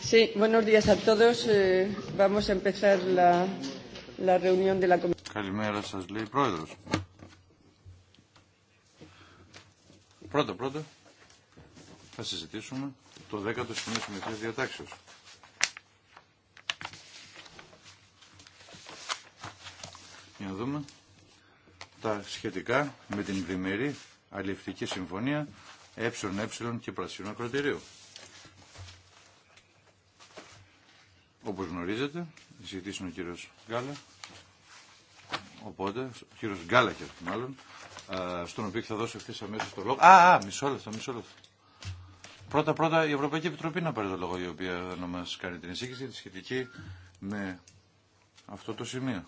Sí, buenos días a todos. Eh, vamos a empezar la, la reunión de la Καλημέρα σας, λέει πρόεδρος. Πρώτα, πρώτα, θα συζητήσουμε το 10ο σημείο της διατάξεως. Για να δούμε τα σχετικά με την διμερή αλληλευτική συμφωνία ΕΕ και Πρασινού Ακροτηρίου. Όπω γνωρίζετε, εισηγητής ο κύριο Γκάλα. Οπότε, ο και αυτό μάλλον, στον οποίο θα δώσω ευθύ αμέσω το λόγο. Α, α, μισό λεπτό, μισό λεπτό. Πρώτα πρώτα η Ευρωπαϊκή Επιτροπή να πάρει το λόγο η οποία να μα κάνει την εισήγηση τη σχετική με αυτό το σημείο.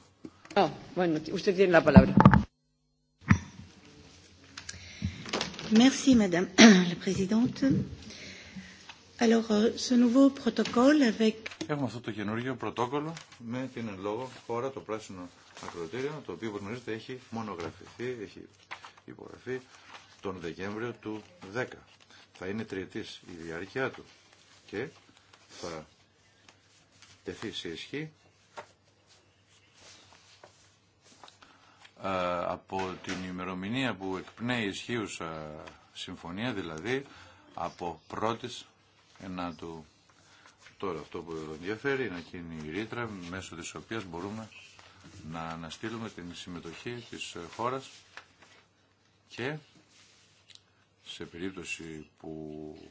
bueno, usted tiene la palabra. Merci, Madame la Présidente. Euh, Έχουμε αυτό το καινούργιο πρωτόκολλο με την εν λόγω χώρα, το πράσινο ακροτήριο, το οποίο όπως γνωρίζετε έχει μονογραφηθεί, έχει υπογραφεί τον Δεκέμβριο του 10. Θα είναι τριετής η διάρκεια του και θα τεθεί σε ισχύ ε, από την ημερομηνία που εκπνέει ισχύουσα συμφωνία, δηλαδή πρώτης ένα του τώρα αυτό που ενδιαφέρει είναι εκείνη η ρήτρα μέσω της οποίας μπορούμε να αναστείλουμε την συμμετοχή της χώρας και σε περίπτωση που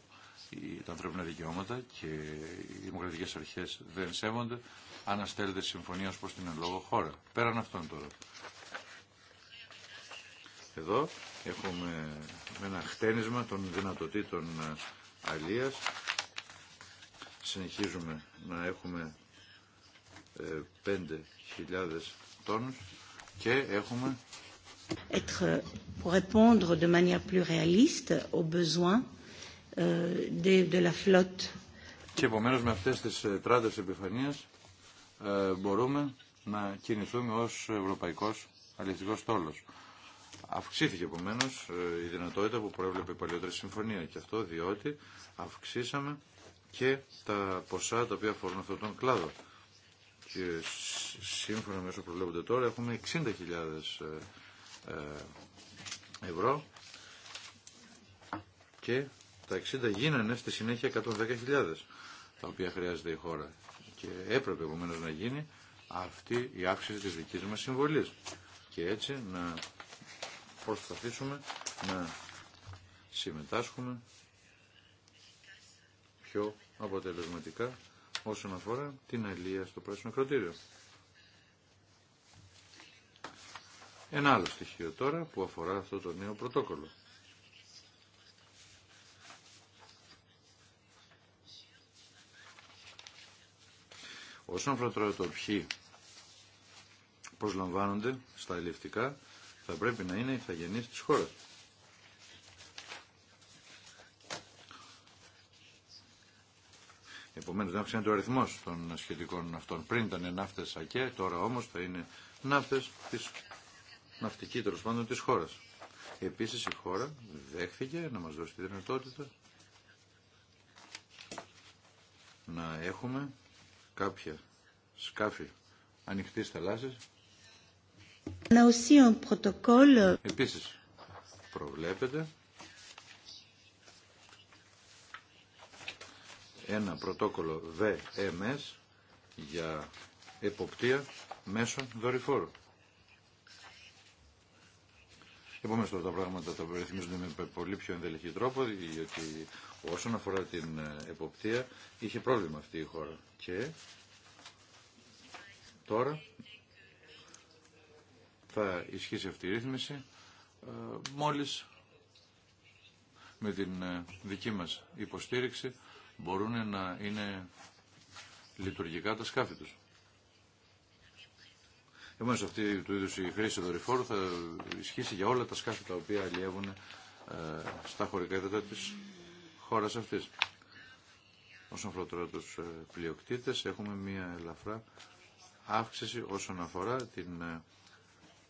τα ανθρώπινα δικαιώματα και οι δημοκρατικές αρχές δεν σέβονται, αναστέλλεται συμφωνία ως προς την εν χώρα. Πέραν αυτών τώρα. Εδώ έχουμε ένα χτένισμα των δυνατοτήτων αλίας συνεχίζουμε να έχουμε 5.000 ε, τόνους και έχουμε être pour répondre de manière plus réaliste aux besoins euh, de la flotte. Και επομένως με αυτές τις ε, τράτες επιφανείας ε, μπορούμε να κινηθούμε ως ευρωπαϊκός αληθικός τόλος. Αυξήθηκε επομένως η δυνατότητα που προέβλεπε η παλιότερη συμφωνία και αυτό διότι αυξήσαμε και τα ποσά τα οποία αφορούν αυτόν τον κλάδο. Και σύμφωνα με όσο προβλέπονται τώρα έχουμε 60.000 ε, ε, ευρώ και τα 60 γίνανε στη συνέχεια 110.000 τα οποία χρειάζεται η χώρα και έπρεπε επομένω να γίνει αυτή η αύξηση της δικής μας συμβολής και έτσι να προσπαθήσουμε να συμμετάσχουμε πιο αποτελεσματικά όσον αφορά την αλληλεία στο πράσινο κροτήριο. Ένα άλλο στοιχείο τώρα που αφορά αυτό το νέο πρωτόκολλο. Όσον αφορά τώρα το ποιοι προσλαμβάνονται στα ελληνικά, θα πρέπει να είναι οι θαγενείς της χώρας. Επομένως δεν αυξάνεται ο αριθμός των σχετικών αυτών. Πριν ήταν ναύτες ΑΚΕ, τώρα όμως θα είναι ναύτες της ναυτική τέλο πάντων της χώρας. Επίσης η χώρα δέχθηκε να μας δώσει τη δυνατότητα να έχουμε κάποια σκάφη ανοιχτής θαλάσσης. Επίσης προβλέπεται ένα πρωτόκολλο VMS για εποπτεία μέσω δορυφόρου. Επομένως τώρα τα πράγματα θα ρυθμίζονται με πολύ πιο ενδελεχή τρόπο, γιατί όσον αφορά την ε, εποπτεία είχε πρόβλημα αυτή η χώρα. Και τώρα θα ισχύσει αυτή η ρύθμιση ε, μόλις με την ε, δική μας υποστήριξη μπορούν να είναι λειτουργικά τα σκάφη τους. Επομένως αυτή του είδους η χρήση δορυφόρου θα ισχύσει για όλα τα σκάφη τα οποία αλλιεύουν ε, στα χωρικά έδατα της χώρας αυτής. Όσον αφορά τώρα τους ε, πλειοκτήτες έχουμε μια ελαφρά αύξηση όσον αφορά την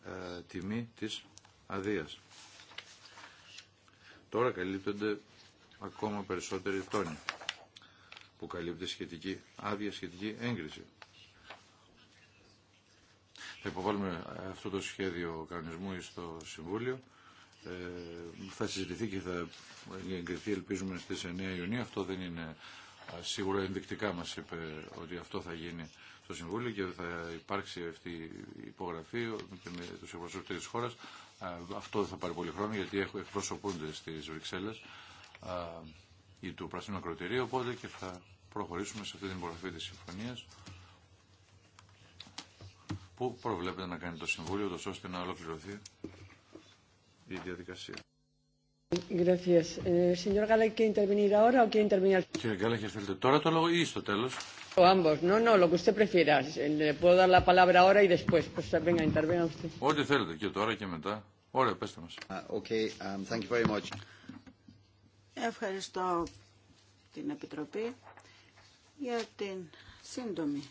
ε, τιμή της αδείας. Τώρα καλύπτονται ακόμα περισσότεροι τόνοι που καλύπτει σχετική άδεια, σχετική έγκριση. Θα υποβάλουμε αυτό το σχέδιο κανονισμού στο Συμβούλιο. Ε, θα συζητηθεί και θα εγκριθεί, ελπίζουμε, στις 9 Ιουνίου. Αυτό δεν είναι σίγουρο ενδεικτικά μας είπε ότι αυτό θα γίνει στο Συμβούλιο και θα υπάρξει αυτή η υπογραφή και με τους εκπροσωπητές της χώρας. Ε, αυτό δεν θα πάρει πολύ χρόνο γιατί εκπροσωπούνται στις Βρυξέλλες ή του Πρασίνου Ακροτηρίου, οπότε και θα προχωρήσουμε σε αυτή την υπογραφή της συμφωνίας που προβλέπεται να κάνει το Συμβούλιο, ώστε να ολοκληρωθεί η διαδικασία. θέλετε eh, τώρα το λόγο ή στο eh, eh, Ό,τι θέλετε, και τώρα και μετά. Ωραία, ah, um, Ευχαριστώ την Επιτροπή για την σύντομη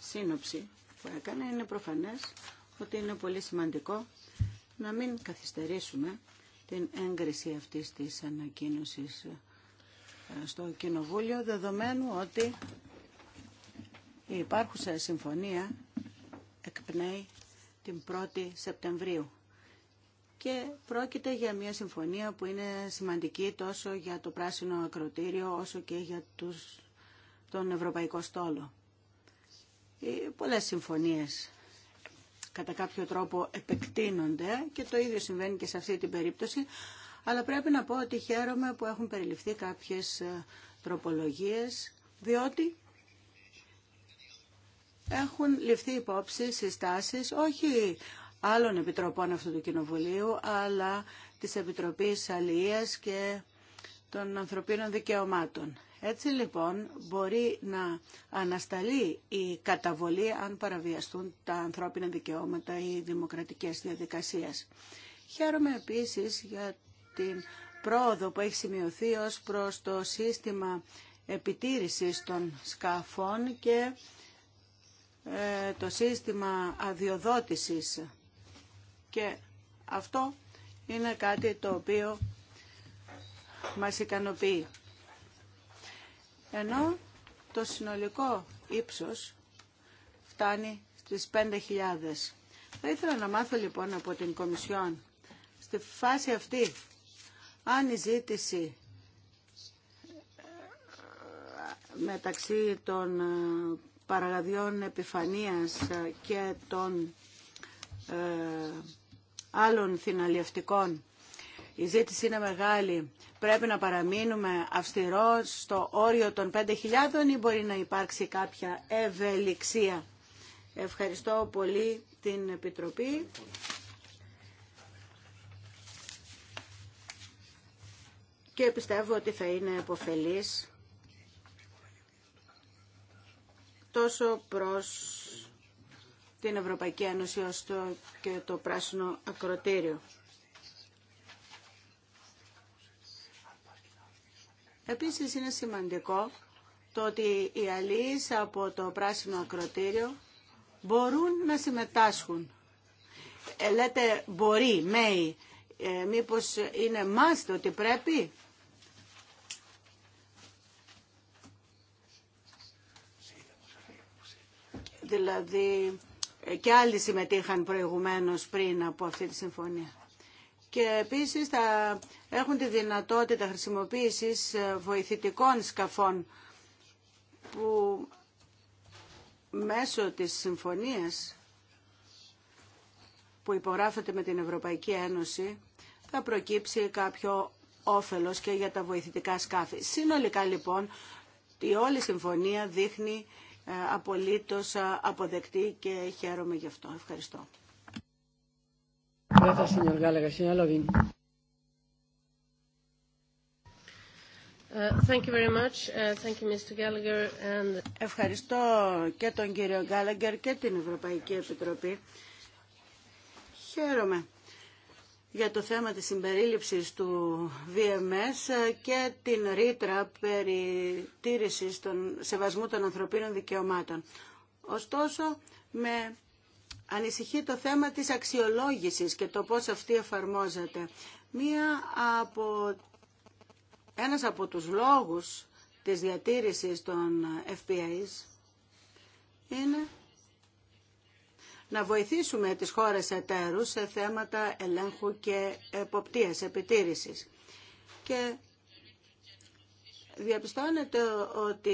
σύνοψη που έκανε. Είναι προφανές ότι είναι πολύ σημαντικό να μην καθυστερήσουμε την έγκριση αυτής της ανακοίνωσης ε, στο Κοινοβούλιο, δεδομένου ότι η υπάρχουσα συμφωνία εκπνέει την 1η Σεπτεμβρίου και πρόκειται για μια συμφωνία που είναι σημαντική τόσο για το πράσινο ακροτήριο όσο και για τους, τον ευρωπαϊκό στόλο. Ε, πολλές συμφωνίες κατά κάποιο τρόπο επεκτείνονται και το ίδιο συμβαίνει και σε αυτή την περίπτωση, αλλά πρέπει να πω ότι χαίρομαι που έχουν περιληφθεί κάποιες ε, τροπολογίες, διότι έχουν ληφθεί υπόψη συστάσεις όχι άλλων επιτροπών αυτού του Κοινοβουλίου, αλλά της Επιτροπής αλληλία και των Ανθρωπίνων Δικαιωμάτων. Έτσι λοιπόν μπορεί να ανασταλεί η καταβολή αν παραβιαστούν τα ανθρώπινα δικαιώματα ή δημοκρατικές διαδικασίες. Χαίρομαι επίσης για την πρόοδο που έχει σημειωθεί ως προς το σύστημα επιτήρησης των σκαφών και ε, το σύστημα αδειοδότησης και αυτό είναι κάτι το οποίο μας ικανοποιεί. Ενώ το συνολικό ύψος φτάνει στις 5.000. Θα ήθελα να μάθω λοιπόν από την Κομισιόν στη φάση αυτή αν η ζήτηση ε, μεταξύ των ε, παραγαδιών επιφανίας και των ε, άλλων θυναλιευτικών. Η ζήτηση είναι μεγάλη. Πρέπει να παραμείνουμε αυστηρος στο όριο των 5.000 ή μπορεί να υπάρξει κάποια ευελιξία. Ευχαριστώ πολύ την Επιτροπή. Και πιστεύω ότι θα είναι εποφελής τόσο προς την Ευρωπαϊκή Ένωση ως το, και το Πράσινο Ακροτήριο. Επίσης είναι σημαντικό το ότι οι αλλοίς από το Πράσινο Ακροτήριο μπορούν να συμμετάσχουν. Ε, λέτε μπορεί, μέι, ε, μήπως είναι μάστε ότι πρέπει. Δηλαδή και άλλοι συμμετείχαν προηγουμένως πριν από αυτή τη συμφωνία. Και επίσης θα έχουν τη δυνατότητα χρησιμοποίησης ε, βοηθητικών σκαφών που μέσω της συμφωνίας που υπογράφεται με την Ευρωπαϊκή Ένωση θα προκύψει κάποιο όφελος και για τα βοηθητικά σκάφη. Συνολικά λοιπόν η όλη συμφωνία δείχνει απολύτως αποδεκτή και χαίρομαι γι' αυτό. Ευχαριστώ. Ευχαριστώ και τον κύριο Γκάλαγκερ και την Ευρωπαϊκή Επιτροπή. Χαίρομαι για το θέμα της συμπερίληψης του VMS και την ρήτρα περί τήρησης των σεβασμού των ανθρωπίνων δικαιωμάτων. Ωστόσο, με ανησυχεί το θέμα της αξιολόγησης και το πώς αυτή εφαρμόζεται. Μία από... Ένας από τους λόγους της διατήρησης των FPAs είναι να βοηθήσουμε τις χώρες εταίρους σε θέματα ελέγχου και εποπτείας, επιτήρησης. Και διαπιστώνεται ότι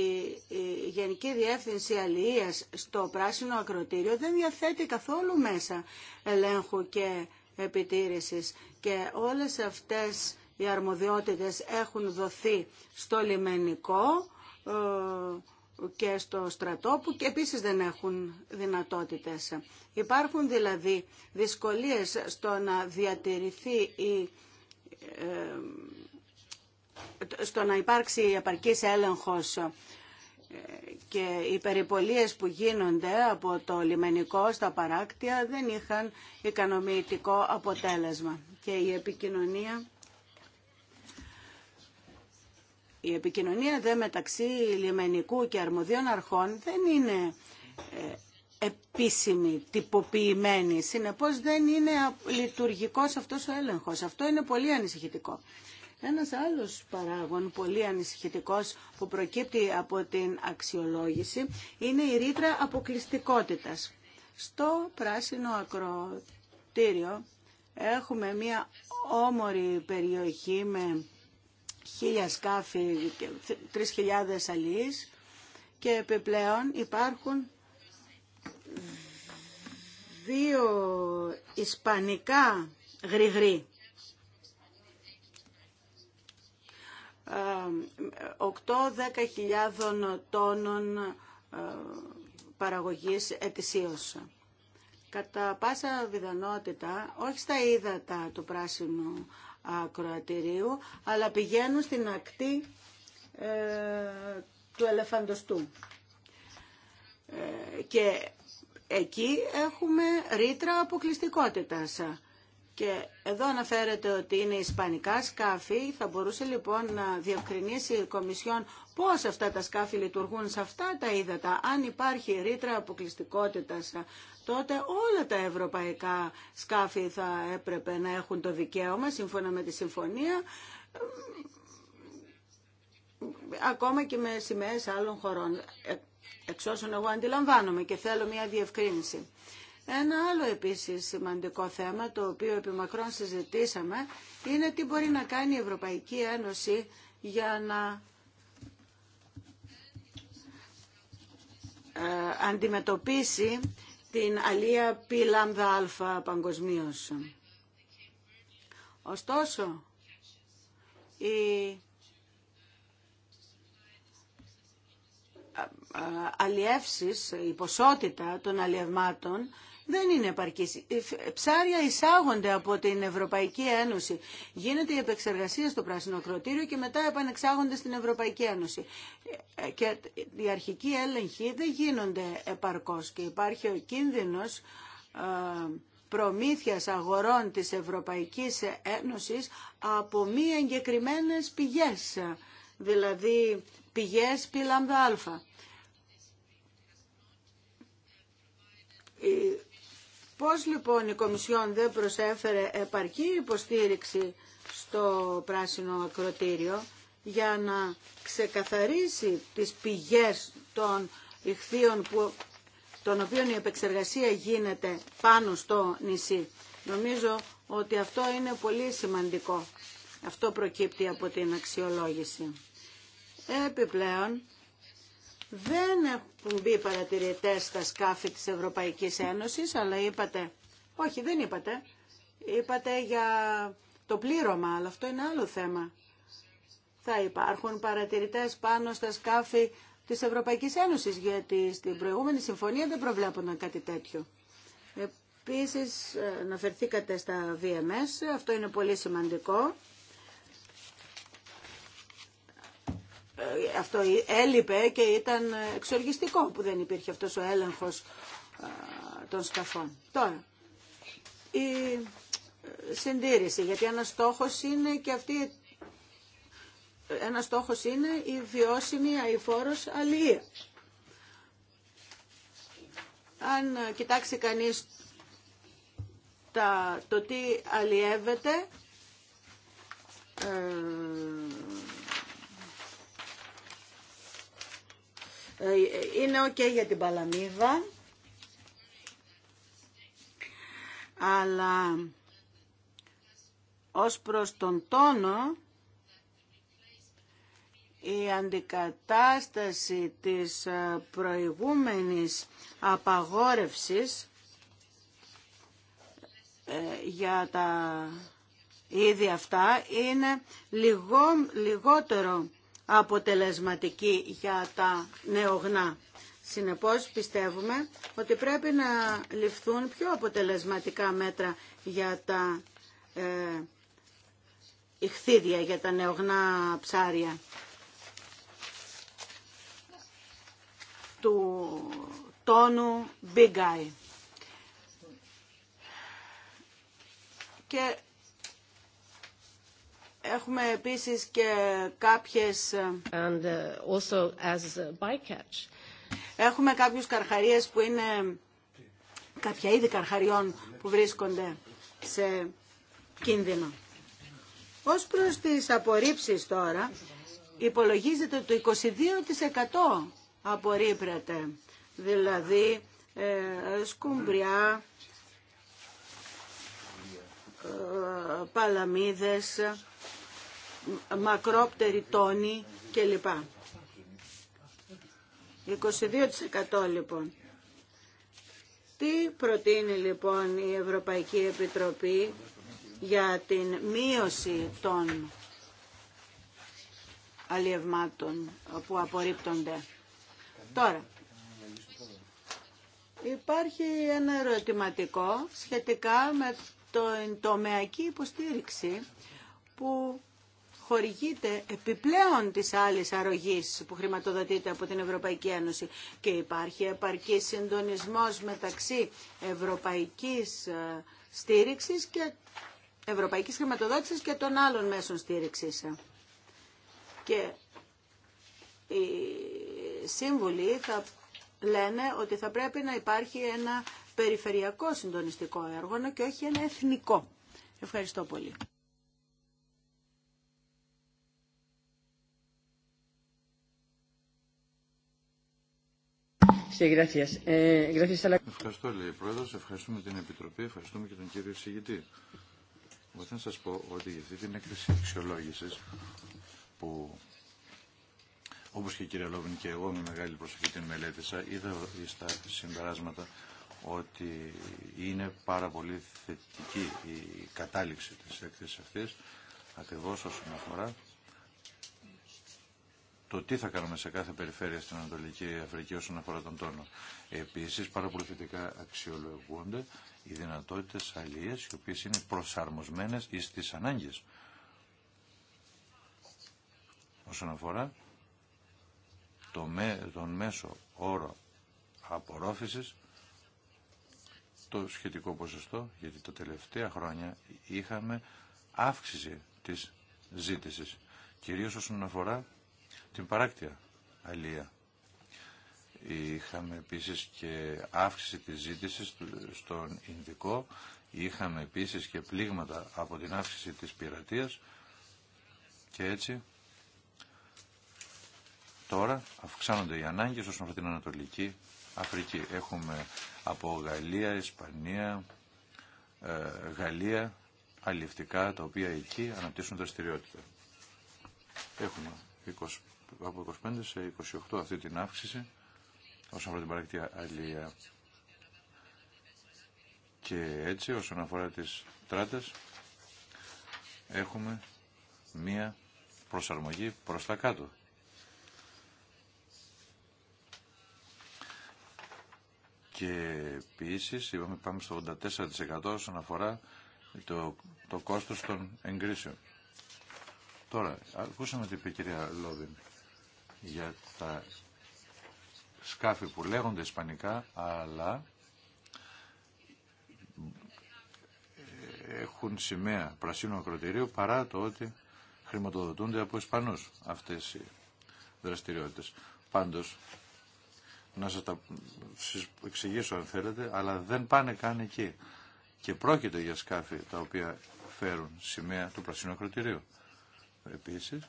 η Γενική Διεύθυνση Αλληλείας στο Πράσινο Ακροτήριο δεν διαθέτει καθόλου μέσα ελέγχου και επιτήρησης και όλες αυτές οι αρμοδιότητες έχουν δοθεί στο λιμενικό ε, και στο στρατό που και επίσης δεν έχουν δυνατότητες. Υπάρχουν δηλαδή δυσκολίες στο να διατηρηθεί η, ε, στο να υπάρξει επαρκής έλεγχος ε, και οι περιπολίες που γίνονται από το λιμενικό στα παράκτια δεν είχαν ικανοποιητικό αποτέλεσμα και η επικοινωνία η επικοινωνία δε μεταξύ λιμενικού και αρμοδίων αρχών δεν είναι ε, επίσημη, τυποποιημένη. Συνεπώς δεν είναι λειτουργικός αυτός ο έλεγχος. Αυτό είναι πολύ ανησυχητικό. Ένας άλλος παράγων, πολύ ανησυχητικός, που προκύπτει από την αξιολόγηση, είναι η ρήτρα αποκλειστικότητας. Στο πράσινο ακροτήριο έχουμε μία όμορη περιοχή με χίλια σκάφη και τρεις χιλιάδες αλληλείς και επιπλέον υπάρχουν δύο ισπανικά γρηγροί. Ε, οκτώ δέκα χιλιάδων τόνων ε, παραγωγής ετησίως. Κατά πάσα βιδανότητα, όχι στα ύδατα του πράσινου ακροατηρίου, αλλά πηγαίνουν στην ακτή ε, του ελεφαντοστού. Ε, και εκεί έχουμε ρήτρα αποκλειστικότητας. Και εδώ αναφέρεται ότι είναι ισπανικά σκάφη. Θα μπορούσε λοιπόν να διευκρινίσει η Κομισιόν πώς αυτά τα σκάφη λειτουργούν σε αυτά τα ύδατα, αν υπάρχει ρήτρα αποκλειστικότητας τότε όλα τα ευρωπαϊκά σκάφη θα έπρεπε να έχουν το δικαίωμα σύμφωνα με τη συμφωνία ακόμα και με σημαίες άλλων χωρών εξ όσων εγώ αντιλαμβάνομαι και θέλω μια διευκρίνηση. Ένα άλλο επίσης σημαντικό θέμα το οποίο επί συζητήσαμε είναι τι μπορεί να κάνει η Ευρωπαϊκή Ένωση για να ε, αντιμετωπίσει την αλία π λάμδα αλφα παγκοσμίω. Ωστόσο, η αλλιεύσεις, η ποσότητα των αλλιευμάτων δεν είναι επαρκή. Ψάρια εισάγονται από την Ευρωπαϊκή Ένωση. Γίνεται η επεξεργασία στο πράσινο κροτήριο και μετά επανεξάγονται στην Ευρωπαϊκή Ένωση. Ε, και οι αρχικοί έλεγχοι δεν γίνονται επαρκώς και υπάρχει ο κίνδυνος ε, προμήθειας αγορών της Ευρωπαϊκής Ένωσης από μη εγκεκριμένε πηγές, δηλαδή πηγέ πι Πώς λοιπόν η Κομισιόν δεν προσέφερε επαρκή υποστήριξη στο πράσινο ακροτήριο για να ξεκαθαρίσει τις πηγές των ηχθείων που, των οποίων η επεξεργασία γίνεται πάνω στο νησί. Νομίζω ότι αυτό είναι πολύ σημαντικό. Αυτό προκύπτει από την αξιολόγηση. Επιπλέον, δεν έχουν μπει παρατηρητέ στα σκάφη της Ευρωπαϊκής Ένωσης, αλλά είπατε, όχι δεν είπατε, είπατε για το πλήρωμα, αλλά αυτό είναι άλλο θέμα. Θα υπάρχουν παρατηρητές πάνω στα σκάφη της Ευρωπαϊκής Ένωσης, γιατί στην προηγούμενη συμφωνία δεν προβλέπονταν κάτι τέτοιο. Επίσης, ε, αναφερθήκατε στα VMS, αυτό είναι πολύ σημαντικό. αυτό ε, έλειπε και ήταν εξοργιστικό που δεν υπήρχε αυτός ο έλεγχος των σκαφών. Τώρα, η ε, συντήρηση, γιατί ένα στόχος είναι και αυτή ένα στόχος είναι η βιώσιμη αηφόρος αλληλεία. Αν ε, κοιτάξει κανείς τα, το τι αλλιεύεται, Ε, είναι ok για την Παλαμίδα, αλλά ως προς τον τόνο η αντικατάσταση της ε, προηγούμενης απαγόρευσης ε, για τα είδη αυτά είναι λιγότερο αποτελεσματική για τα νεογνά. Συνεπώς πιστεύουμε ότι πρέπει να ληφθούν πιο αποτελεσματικά μέτρα για τα ε, ηχθίδια, για τα νεογνά ψάρια του τόνου Big Eye. Και Έχουμε επίσης και κάποιες... Ε, And uh, as bycatch. Έχουμε κάποιους καρχαρίες που είναι κάποια είδη καρχαριών που βρίσκονται σε κίνδυνο. Ως προς τις απορρίψεις τώρα, υπολογίζεται το 22% απορρίπρεται, δηλαδή ε, σκουμπριά, ε, παλαμίδες, μακρόπτερη τόνη κλπ. 22% λοιπόν. Τι προτείνει λοιπόν η Ευρωπαϊκή Επιτροπή για την μείωση των αλλιευμάτων που απορρίπτονται. Τώρα, υπάρχει ένα ερωτηματικό σχετικά με την τομεακή υποστήριξη που χορηγείται επιπλέον της άλλης αρρωγής που χρηματοδοτείται από την Ευρωπαϊκή Ένωση και υπάρχει επαρκή συντονισμός μεταξύ ευρωπαϊκής ε, στήριξης και ευρωπαϊκής χρηματοδότησης και των άλλων μέσων στήριξης. Και οι σύμβουλοι θα λένε ότι θα πρέπει να υπάρχει ένα περιφερειακό συντονιστικό έργο και όχι ένα εθνικό. Ευχαριστώ πολύ. Eh, Ευχαριστώ, λέει η Πρόεδρο. Ευχαριστούμε την Επιτροπή, ευχαριστούμε και τον κύριο Συγητή. Εγώ θα σα πω ότι για αυτή την έκθεση αξιολόγηση που όπως και η κυρία Λόβιν και εγώ με μεγάλη προσοχή την μελέτησα, είδα στα συμπεράσματα ότι είναι πάρα πολύ θετική η κατάληξη της έκθεσης αυτής, ακριβώς όσον αφορά το τι θα κάνουμε σε κάθε περιφέρεια στην Ανατολική Αφρική όσον αφορά τον τόνο. Επίσης, θετικά αξιολογούνται οι δυνατότητες αλλίες, οι οποίες είναι προσαρμοσμένες εις τις ανάγκες. Όσον αφορά το με, τον μέσο όρο απορρόφησης, το σχετικό ποσοστό, γιατί τα τελευταία χρόνια είχαμε αύξηση της ζήτησης, κυρίως όσον αφορά την παράκτεια αλεία. Είχαμε επίσης και αύξηση της ζήτησης στον Ινδικό, είχαμε επίσης και πλήγματα από την αύξηση της πειρατείας και έτσι τώρα αυξάνονται οι ανάγκες όσον αφορά την Ανατολική Αφρική. Έχουμε από Γαλλία, Ισπανία, ε, Γαλλία, αληφτικά, τα οποία εκεί αναπτύσσουν δραστηριότητα. Έχουμε από 25 σε 28 αυτή την αύξηση όσον αφορά την παρακτή αλληλεία. Και έτσι όσον αφορά τις τράτες έχουμε μία προσαρμογή προς τα κάτω. Και επίση είπαμε πάμε στο 84% όσον αφορά το, το κόστος των εγκρίσεων. Τώρα, ακούσαμε τι είπε η κυρία Λόβιν για τα σκάφη που λέγονται ισπανικά, αλλά έχουν σημαία πρασίνου ακροτηρίου παρά το ότι χρηματοδοτούνται από Ισπανούς αυτές οι δραστηριότητες. Πάντως, να σας τα εξηγήσω αν θέλετε, αλλά δεν πάνε καν εκεί. Και πρόκειται για σκάφη τα οποία φέρουν σημαία του πρασίνου ακροτηρίου. Επίσης,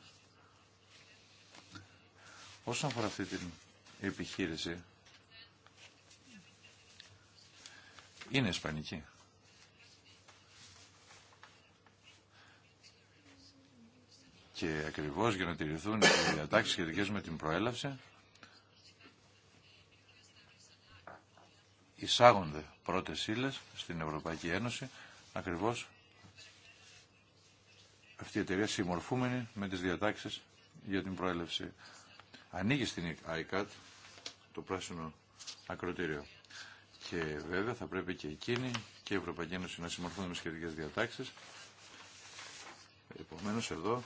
Όσον αφορά αυτή την επιχείρηση, είναι ισπανική. Και ακριβώς για να τηρηθούν οι διατάξεις σχετικές με την προέλευση, εισάγονται πρώτες ύλε στην Ευρωπαϊκή Ένωση, ακριβώς αυτή η εταιρεία συμμορφούμενη με τις διατάξεις για την προέλευση. Ανοίγει στην ICAT το πράσινο ακροτήριο. Και βέβαια θα πρέπει και εκείνη και η Ευρωπαϊκή Ένωση να συμμορφώνουν με σχετικέ διατάξει. Επομένω εδώ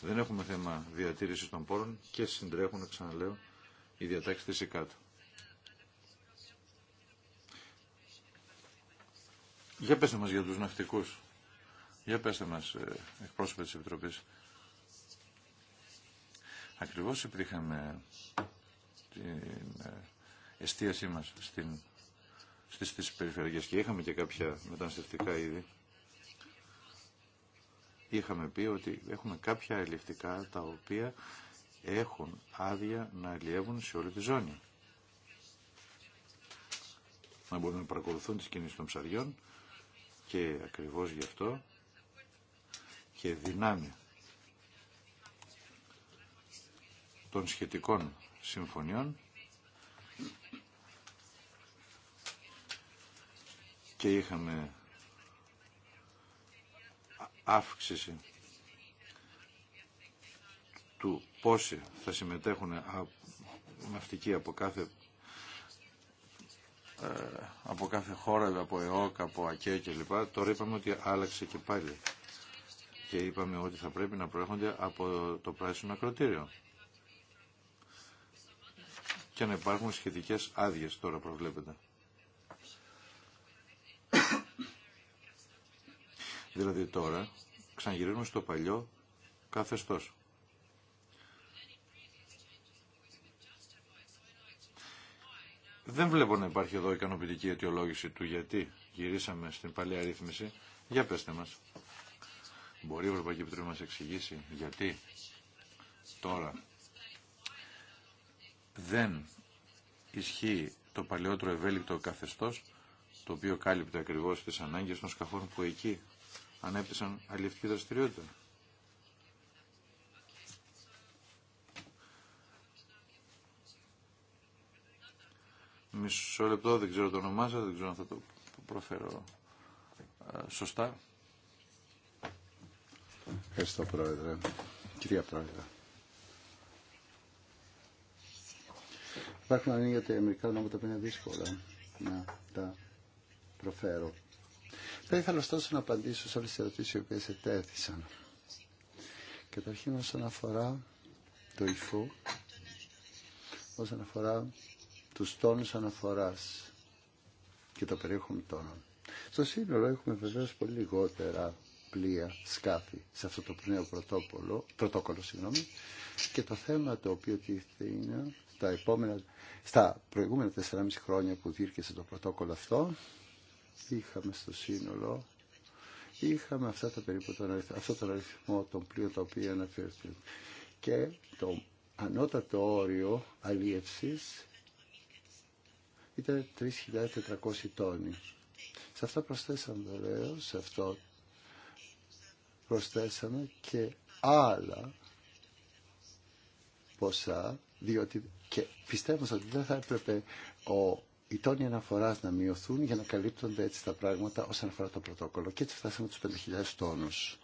δεν έχουμε θέμα διατήρηση των πόρων και συντρέχουν, ξαναλέω, οι διατάξει τη ΕΚΑΤ. Για πέστε μας για τους ναυτικούς. Για πέστε μας, ε, εκπρόσωπε της Επιτροπής, Ακριβώς επειδή είχαμε την ε, εστίασή μας στην, στις, στις περιφερειακές και είχαμε και κάποια μεταναστευτικά είδη, είχαμε πει ότι έχουμε κάποια ελευτικά τα οποία έχουν άδεια να αλλιεύουν σε όλη τη ζώνη. Να μπορούν να παρακολουθούν τις κινήσεις των ψαριών και ακριβώς γι' αυτό και δυνάμει των σχετικών συμφωνιών και είχαμε αύξηση του πόσοι θα συμμετέχουν ναυτικοί από κάθε ε, από κάθε χώρα, δηλαδή από ΕΟΚ, από ΑΚΕ λοιπά Τώρα είπαμε ότι άλλαξε και πάλι. Και είπαμε ότι θα πρέπει να προέρχονται από το πράσινο ακροτήριο και να υπάρχουν σχετικές άδειε τώρα προβλέπεται. δηλαδή τώρα ξαναγυρίζουμε στο παλιό καθεστώς. Δεν βλέπω να υπάρχει εδώ ικανοποιητική αιτιολόγηση του γιατί γυρίσαμε στην παλιά ρύθμιση. Για πέστε μας. Μπορεί η Ευρωπαϊκή Επιτροπή να μας εξηγήσει γιατί τώρα δεν ισχύει το παλαιότερο ευέλικτο καθεστώς το οποίο κάλυπτε ακριβώς τις ανάγκες των σκαφών που εκεί ανέπτυσαν αλληλευτική δραστηριότητα. Μισό λεπτό, δεν ξέρω το όνομά σας, δεν ξέρω αν θα το προφέρω ε, σωστά. Ευχαριστώ Πρόεδρε. Κυρία Πρόεδρε. Υπάρχουν ανοίγεται μερικά ονόματα που είναι δύσκολα να τα προφέρω. Θα ήθελα ωστόσο να απαντήσω σε όλες τις ερωτήσεις οι οποίες ετέθησαν. Καταρχήν όσον αφορά το υφό, όσον αφορά τους τόνους αναφοράς και το περιέχον τόνων. Στο σύνολο έχουμε βεβαίω πολύ λιγότερα πλοία, σκάφη σε αυτό το νέο πρωτόκολλο, πρωτόκολλο συγγνώμη, και το θέμα το οποίο τίθεται είναι τα επόμενα, στα προηγούμενα 4,5 χρόνια που δίρκεσε το πρωτόκολλο αυτό, είχαμε στο σύνολο είχαμε αυτά τα περίπου τον αριθμό, αυτό τον αριθμό των πλοίων τα οποία αναφέρθηκαν και το ανώτατο όριο αλίευσης ήταν 3.400 τόνοι. Σε αυτά προσθέσαμε βεβαίω σε αυτό προσθέσαμε και άλλα ποσά, διότι και πιστεύω ότι δεν θα έπρεπε ο, οι τόνοι αναφορά να μειωθούν για να καλύπτονται έτσι τα πράγματα όσον αφορά το πρωτόκολλο. Και έτσι φτάσαμε τους 5.000 τόνους.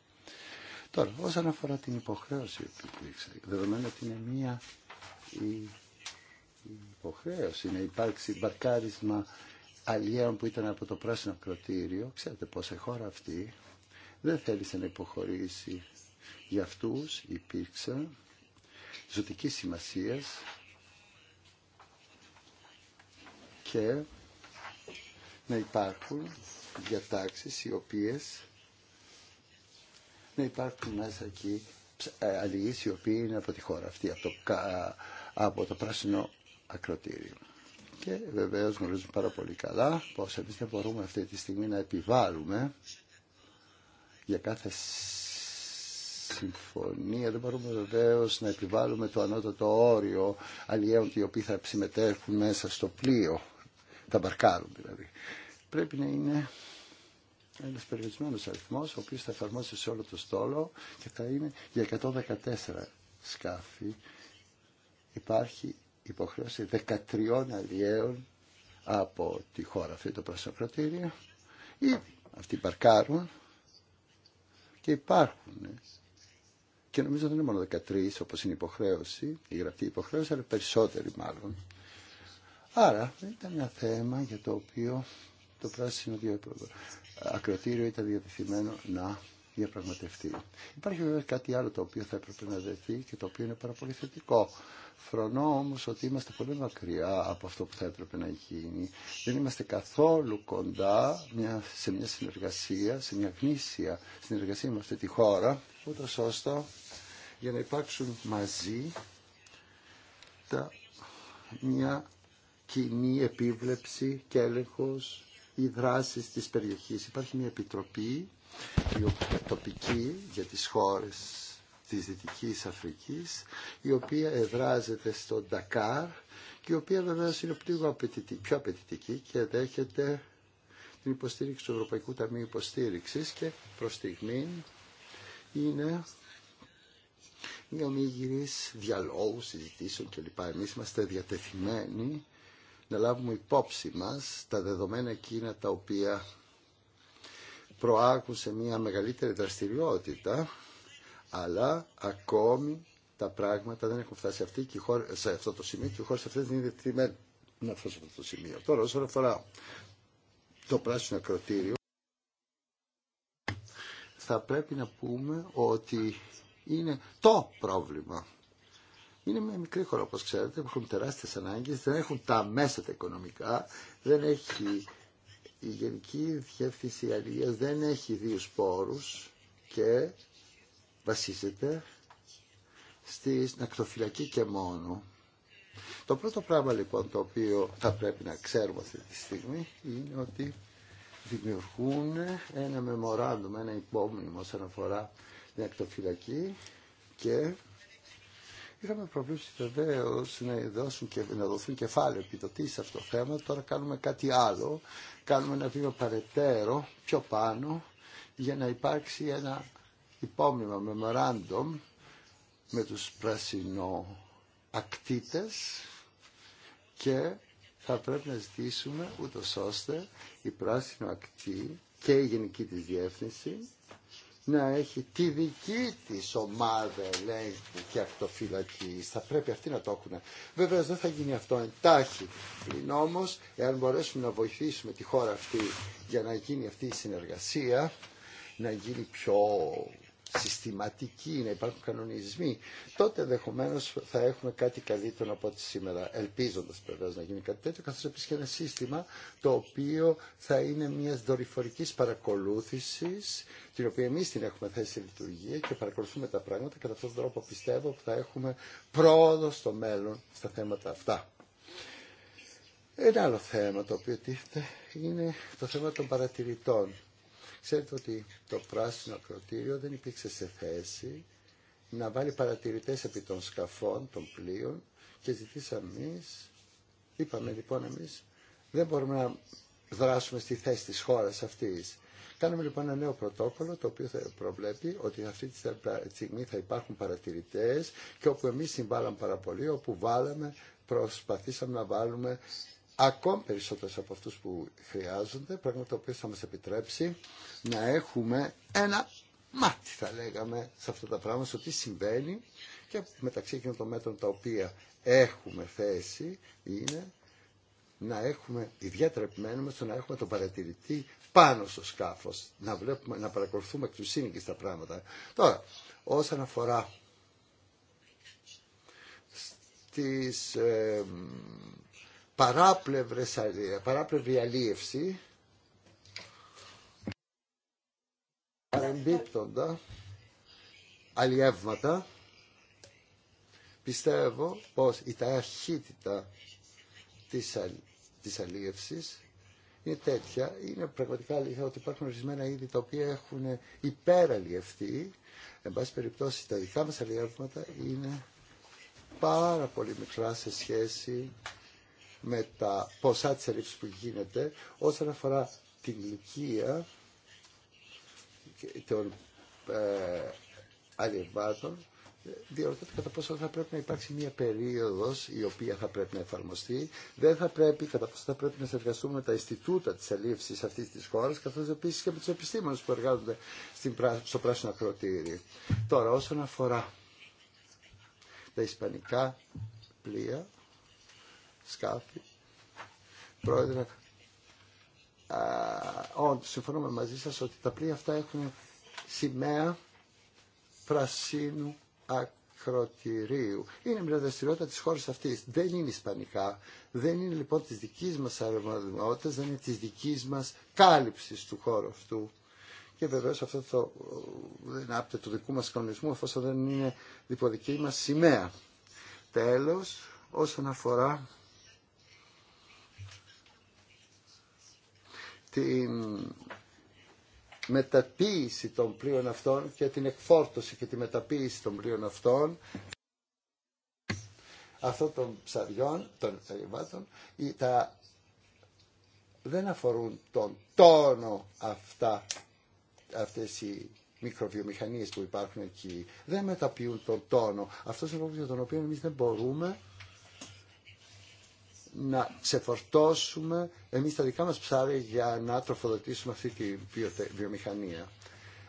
Τώρα, όσον αφορά την υποχρέωση που υπήρξε, δεδομένου ότι είναι μία η, υποχρέωση να υπάρξει μπαρκάρισμα αλλιέων που ήταν από το πράσινο κροτήριο, ξέρετε πόσα χώρα αυτή δεν θέλησε να υποχωρήσει. Για αυτούς υπήρξα ζωτική σημασίας και να υπάρχουν διατάξεις οι οποίες να υπάρχουν μέσα εκεί ε, αλληλείς οι οποίοι είναι από τη χώρα αυτή, από το, από το πράσινο ακροτήριο. Και βεβαίως γνωρίζουμε πάρα πολύ καλά πως εμείς δεν μπορούμε αυτή τη στιγμή να επιβάλλουμε για κάθε συμφωνία. Δεν μπορούμε βεβαίω να επιβάλλουμε το ανώτατο όριο αλλιέων οι οποίοι θα συμμετέχουν μέσα στο πλοίο. Τα μπαρκάρουν δηλαδή. Πρέπει να είναι ένα περιορισμένο αριθμό, ο οποίο θα εφαρμόσει σε όλο το στόλο και θα είναι για 114 σκάφη. Υπάρχει υποχρέωση 13 αλλιέων από τη χώρα αυτή το Πρασοκρατήριο. ή αυτοί μπαρκάρουν και υπάρχουν. Και νομίζω δεν είναι μόνο 13 όπως είναι η υποχρέωση, η γραφτή υποχρέωση, αλλά περισσότεροι μάλλον. Άρα ήταν ένα θέμα για το οποίο το πράσινο ακροτήριο ήταν διατεθειμένο να διαπραγματευτεί. Υπάρχει βέβαια κάτι άλλο το οποίο θα έπρεπε να δεθεί και το οποίο είναι πάρα πολύ θετικό. Φρονώ όμως ότι είμαστε πολύ μακριά από αυτό που θα έπρεπε να γίνει. Δεν είμαστε καθόλου κοντά σε μια συνεργασία, σε μια γνήσια συνεργασία με αυτή τη χώρα, ούτως ώστε για να υπάρξουν μαζί τα, μια κοινή επίβλεψη και έλεγχος οι δράσει της περιοχής. Υπάρχει μια επιτροπή η τοπική για τις χώρες της Δυτικής Αφρικής, η οποία εδράζεται στο Ντακάρ και η οποία βεβαίω είναι πιο απαιτητική και δέχεται την υποστήριξη του Ευρωπαϊκού Ταμείου Υποστήριξης και προς στιγμή είναι μια ομίγυρης διαλόγου, συζητήσεων κλπ. Εμείς είμαστε διατεθειμένοι να λάβουμε υπόψη μας τα δεδομένα εκείνα τα οποία σε μια μεγαλύτερη δραστηριότητα, αλλά ακόμη τα πράγματα δεν έχουν φτάσει αυτή και σε αυτό το σημείο και οι χώρε αυτέ δεν είναι διατηρημένε να φτάσουν σε αυτό το σημείο. Τώρα, όσον αφορά το πράσινο ακροτήριο, θα πρέπει να πούμε ότι είναι το πρόβλημα. Είναι μια μικρή χώρα, όπως ξέρετε, που έχουν τεράστιες ανάγκες, δεν έχουν τα μέσα τα οικονομικά, δεν έχει η Γενική Διεύθυνση αλλήλεια δεν έχει δύο σπόρους και βασίζεται στην ακτοφυλακή και μόνο. Το πρώτο πράγμα λοιπόν το οποίο θα πρέπει να ξέρουμε αυτή τη στιγμή είναι ότι δημιουργούν ένα μεμοράντουμ, ένα υπόμνημα όσον αφορά την ακτοφυλακή και Είχαμε προβλέψει βεβαίω να, να δοθούν κεφάλαιο επιδοτήσει σε αυτό το θέμα. Τώρα κάνουμε κάτι άλλο. Κάνουμε ένα βήμα παρετέρω, πιο πάνω, για να υπάρξει ένα υπόμνημα memorandum με τους πρασινοακτήτες και θα πρέπει να ζητήσουμε ούτως ώστε η πράσινο ακτή και η γενική της διεύθυνση να έχει τη δική τη ομάδα ελέγχου και αυτοφυλακή. Θα πρέπει αυτοί να το έχουν. Βέβαια δεν θα γίνει αυτό εντάχει. Πλην όμω, εάν μπορέσουμε να βοηθήσουμε τη χώρα αυτή για να γίνει αυτή η συνεργασία, να γίνει πιο συστηματική, να υπάρχουν κανονισμοί, τότε ενδεχομένω θα έχουμε κάτι καλύτερο από ό,τι σήμερα. Ελπίζοντα βεβαίω να γίνει κάτι τέτοιο, καθώ επίση και ένα σύστημα το οποίο θα είναι μια δορυφορική παρακολούθηση, την οποία εμεί την έχουμε θέσει σε λειτουργία και παρακολουθούμε τα πράγματα. Κατά αυτόν τον τρόπο πιστεύω ότι θα έχουμε πρόοδο στο μέλλον στα θέματα αυτά. Ένα άλλο θέμα το οποίο τίθεται είναι το θέμα των παρατηρητών. Ξέρετε ότι το πράσινο ακροτήριο δεν υπήρξε σε θέση να βάλει παρατηρητές επί των σκαφών, των πλοίων και ζητήσαμε εμείς, είπαμε λοιπόν εμείς, δεν μπορούμε να δράσουμε στη θέση της χώρας αυτής. Κάνουμε λοιπόν ένα νέο πρωτόκολλο το οποίο θα προβλέπει ότι αυτή τη στιγμή θα υπάρχουν παρατηρητές και όπου εμείς συμβάλαμε πάρα πολύ, όπου βάλαμε, προσπαθήσαμε να βάλουμε ακόμη περισσότερε από αυτούς που χρειάζονται, πράγμα το οποίο θα μα επιτρέψει να έχουμε ένα μάτι θα λέγαμε σε αυτά τα πράγματα, στο τι συμβαίνει και μεταξύ εκείνων των μέτρων τα οποία έχουμε θέσει είναι να έχουμε, ιδιαίτερα επιμένουμε στο να έχουμε τον παρατηρητή πάνω στο σκάφος, να, βλέπουμε, να παρακολουθούμε εκ του τα πράγματα. Τώρα, όσον αφορά στις, ε, παράπλευρες, παράπλευρη αλίευση παρεμπίπτοντα αλλιεύματα πιστεύω πως η ταχύτητα της, α, της αλίευσης είναι τέτοια, είναι πραγματικά αλήθεια ότι υπάρχουν ορισμένα είδη τα οποία έχουν υπεραλλιευτεί. Εν πάση περιπτώσει τα δικά μας αλλιεύματα είναι πάρα πολύ μικρά σε σχέση με τα ποσά της ερήψης που γίνεται όσον αφορά την ηλικία των ε, αλληλευμάτων διορθώται κατά πόσο θα πρέπει να υπάρξει μια περίοδος η οποία θα πρέπει να εφαρμοστεί. Δεν θα πρέπει, κατά πόσο θα πρέπει να συνεργαστούμε με τα Ινστιτούτα της αλήψης αυτής της χώρας, καθώς επίσης και με τους επιστήμονες που εργάζονται στην, στο πράσινο ακροτήρι. Τώρα, όσον αφορά τα ισπανικά πλοία, σκάφη. Πρόεδρε, όντως όντως, συμφωνούμε μαζί σας ότι τα πλοία αυτά έχουν σημαία πρασίνου ακροτηρίου. Είναι μια δραστηριότητα της χώρας αυτής. Δεν είναι ισπανικά. Δεν είναι λοιπόν της δικής μας αρμοδιότητας, δεν είναι της δικής μας κάλυψης του χώρου αυτού. Και βεβαίω αυτό το, δεν άπτε του δικού μας κανονισμού, εφόσον δεν είναι διποδική μας σημαία. Τέλος, όσον αφορά την μεταποίηση των πλοίων αυτών και την εκφόρτωση και τη μεταποίηση των πλοίων αυτών αυτών των ψαριών, των ψαριβάτων, τα δεν αφορούν τον τόνο αυτά, αυτές οι μικροβιομηχανίες που υπάρχουν εκεί. Δεν μεταποιούν τον τόνο. Αυτός είναι ο λόγος για τον οποίο εμείς δεν μπορούμε να ξεφορτώσουμε εμείς τα δικά μας ψάρια για να τροφοδοτήσουμε αυτή τη βιομηχανία.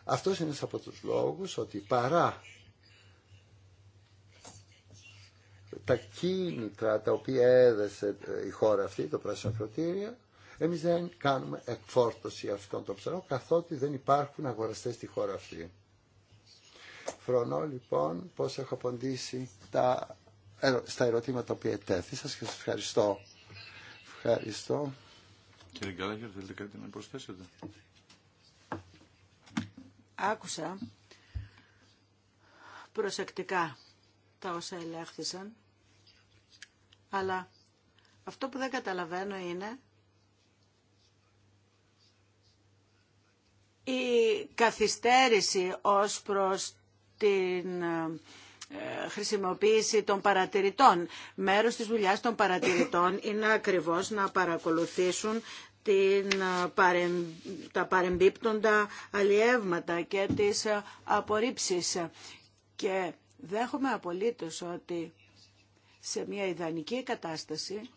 Αυτός είναι ένας από τους λόγους ότι παρά τα κίνητρα τα οποία έδεσε η χώρα αυτή, το πράσινο κροτήριο, εμείς δεν κάνουμε εκφόρτωση αυτών των ψαρών, καθότι δεν υπάρχουν αγοραστές στη χώρα αυτή. Φρονώ λοιπόν πώς έχω απαντήσει τα ε, στα ερωτήματα που ετέθησαν. Σας ευχαριστώ. Ευχαριστώ. Κύριε Γκάλαγερ, θέλετε κάτι να προσθέσετε. Άκουσα προσεκτικά τα όσα ελέγχθησαν, αλλά αυτό που δεν καταλαβαίνω είναι η καθυστέρηση ως προς την ε, χρησιμοποίηση των παρατηρητών. Μέρος της δουλειάς των παρατηρητών είναι ακριβώς να παρακολουθήσουν την, ε, τα παρεμπίπτοντα αλλιεύματα και τις ε, απορρίψεις. Και δέχομαι απολύτως ότι σε μια ιδανική κατάσταση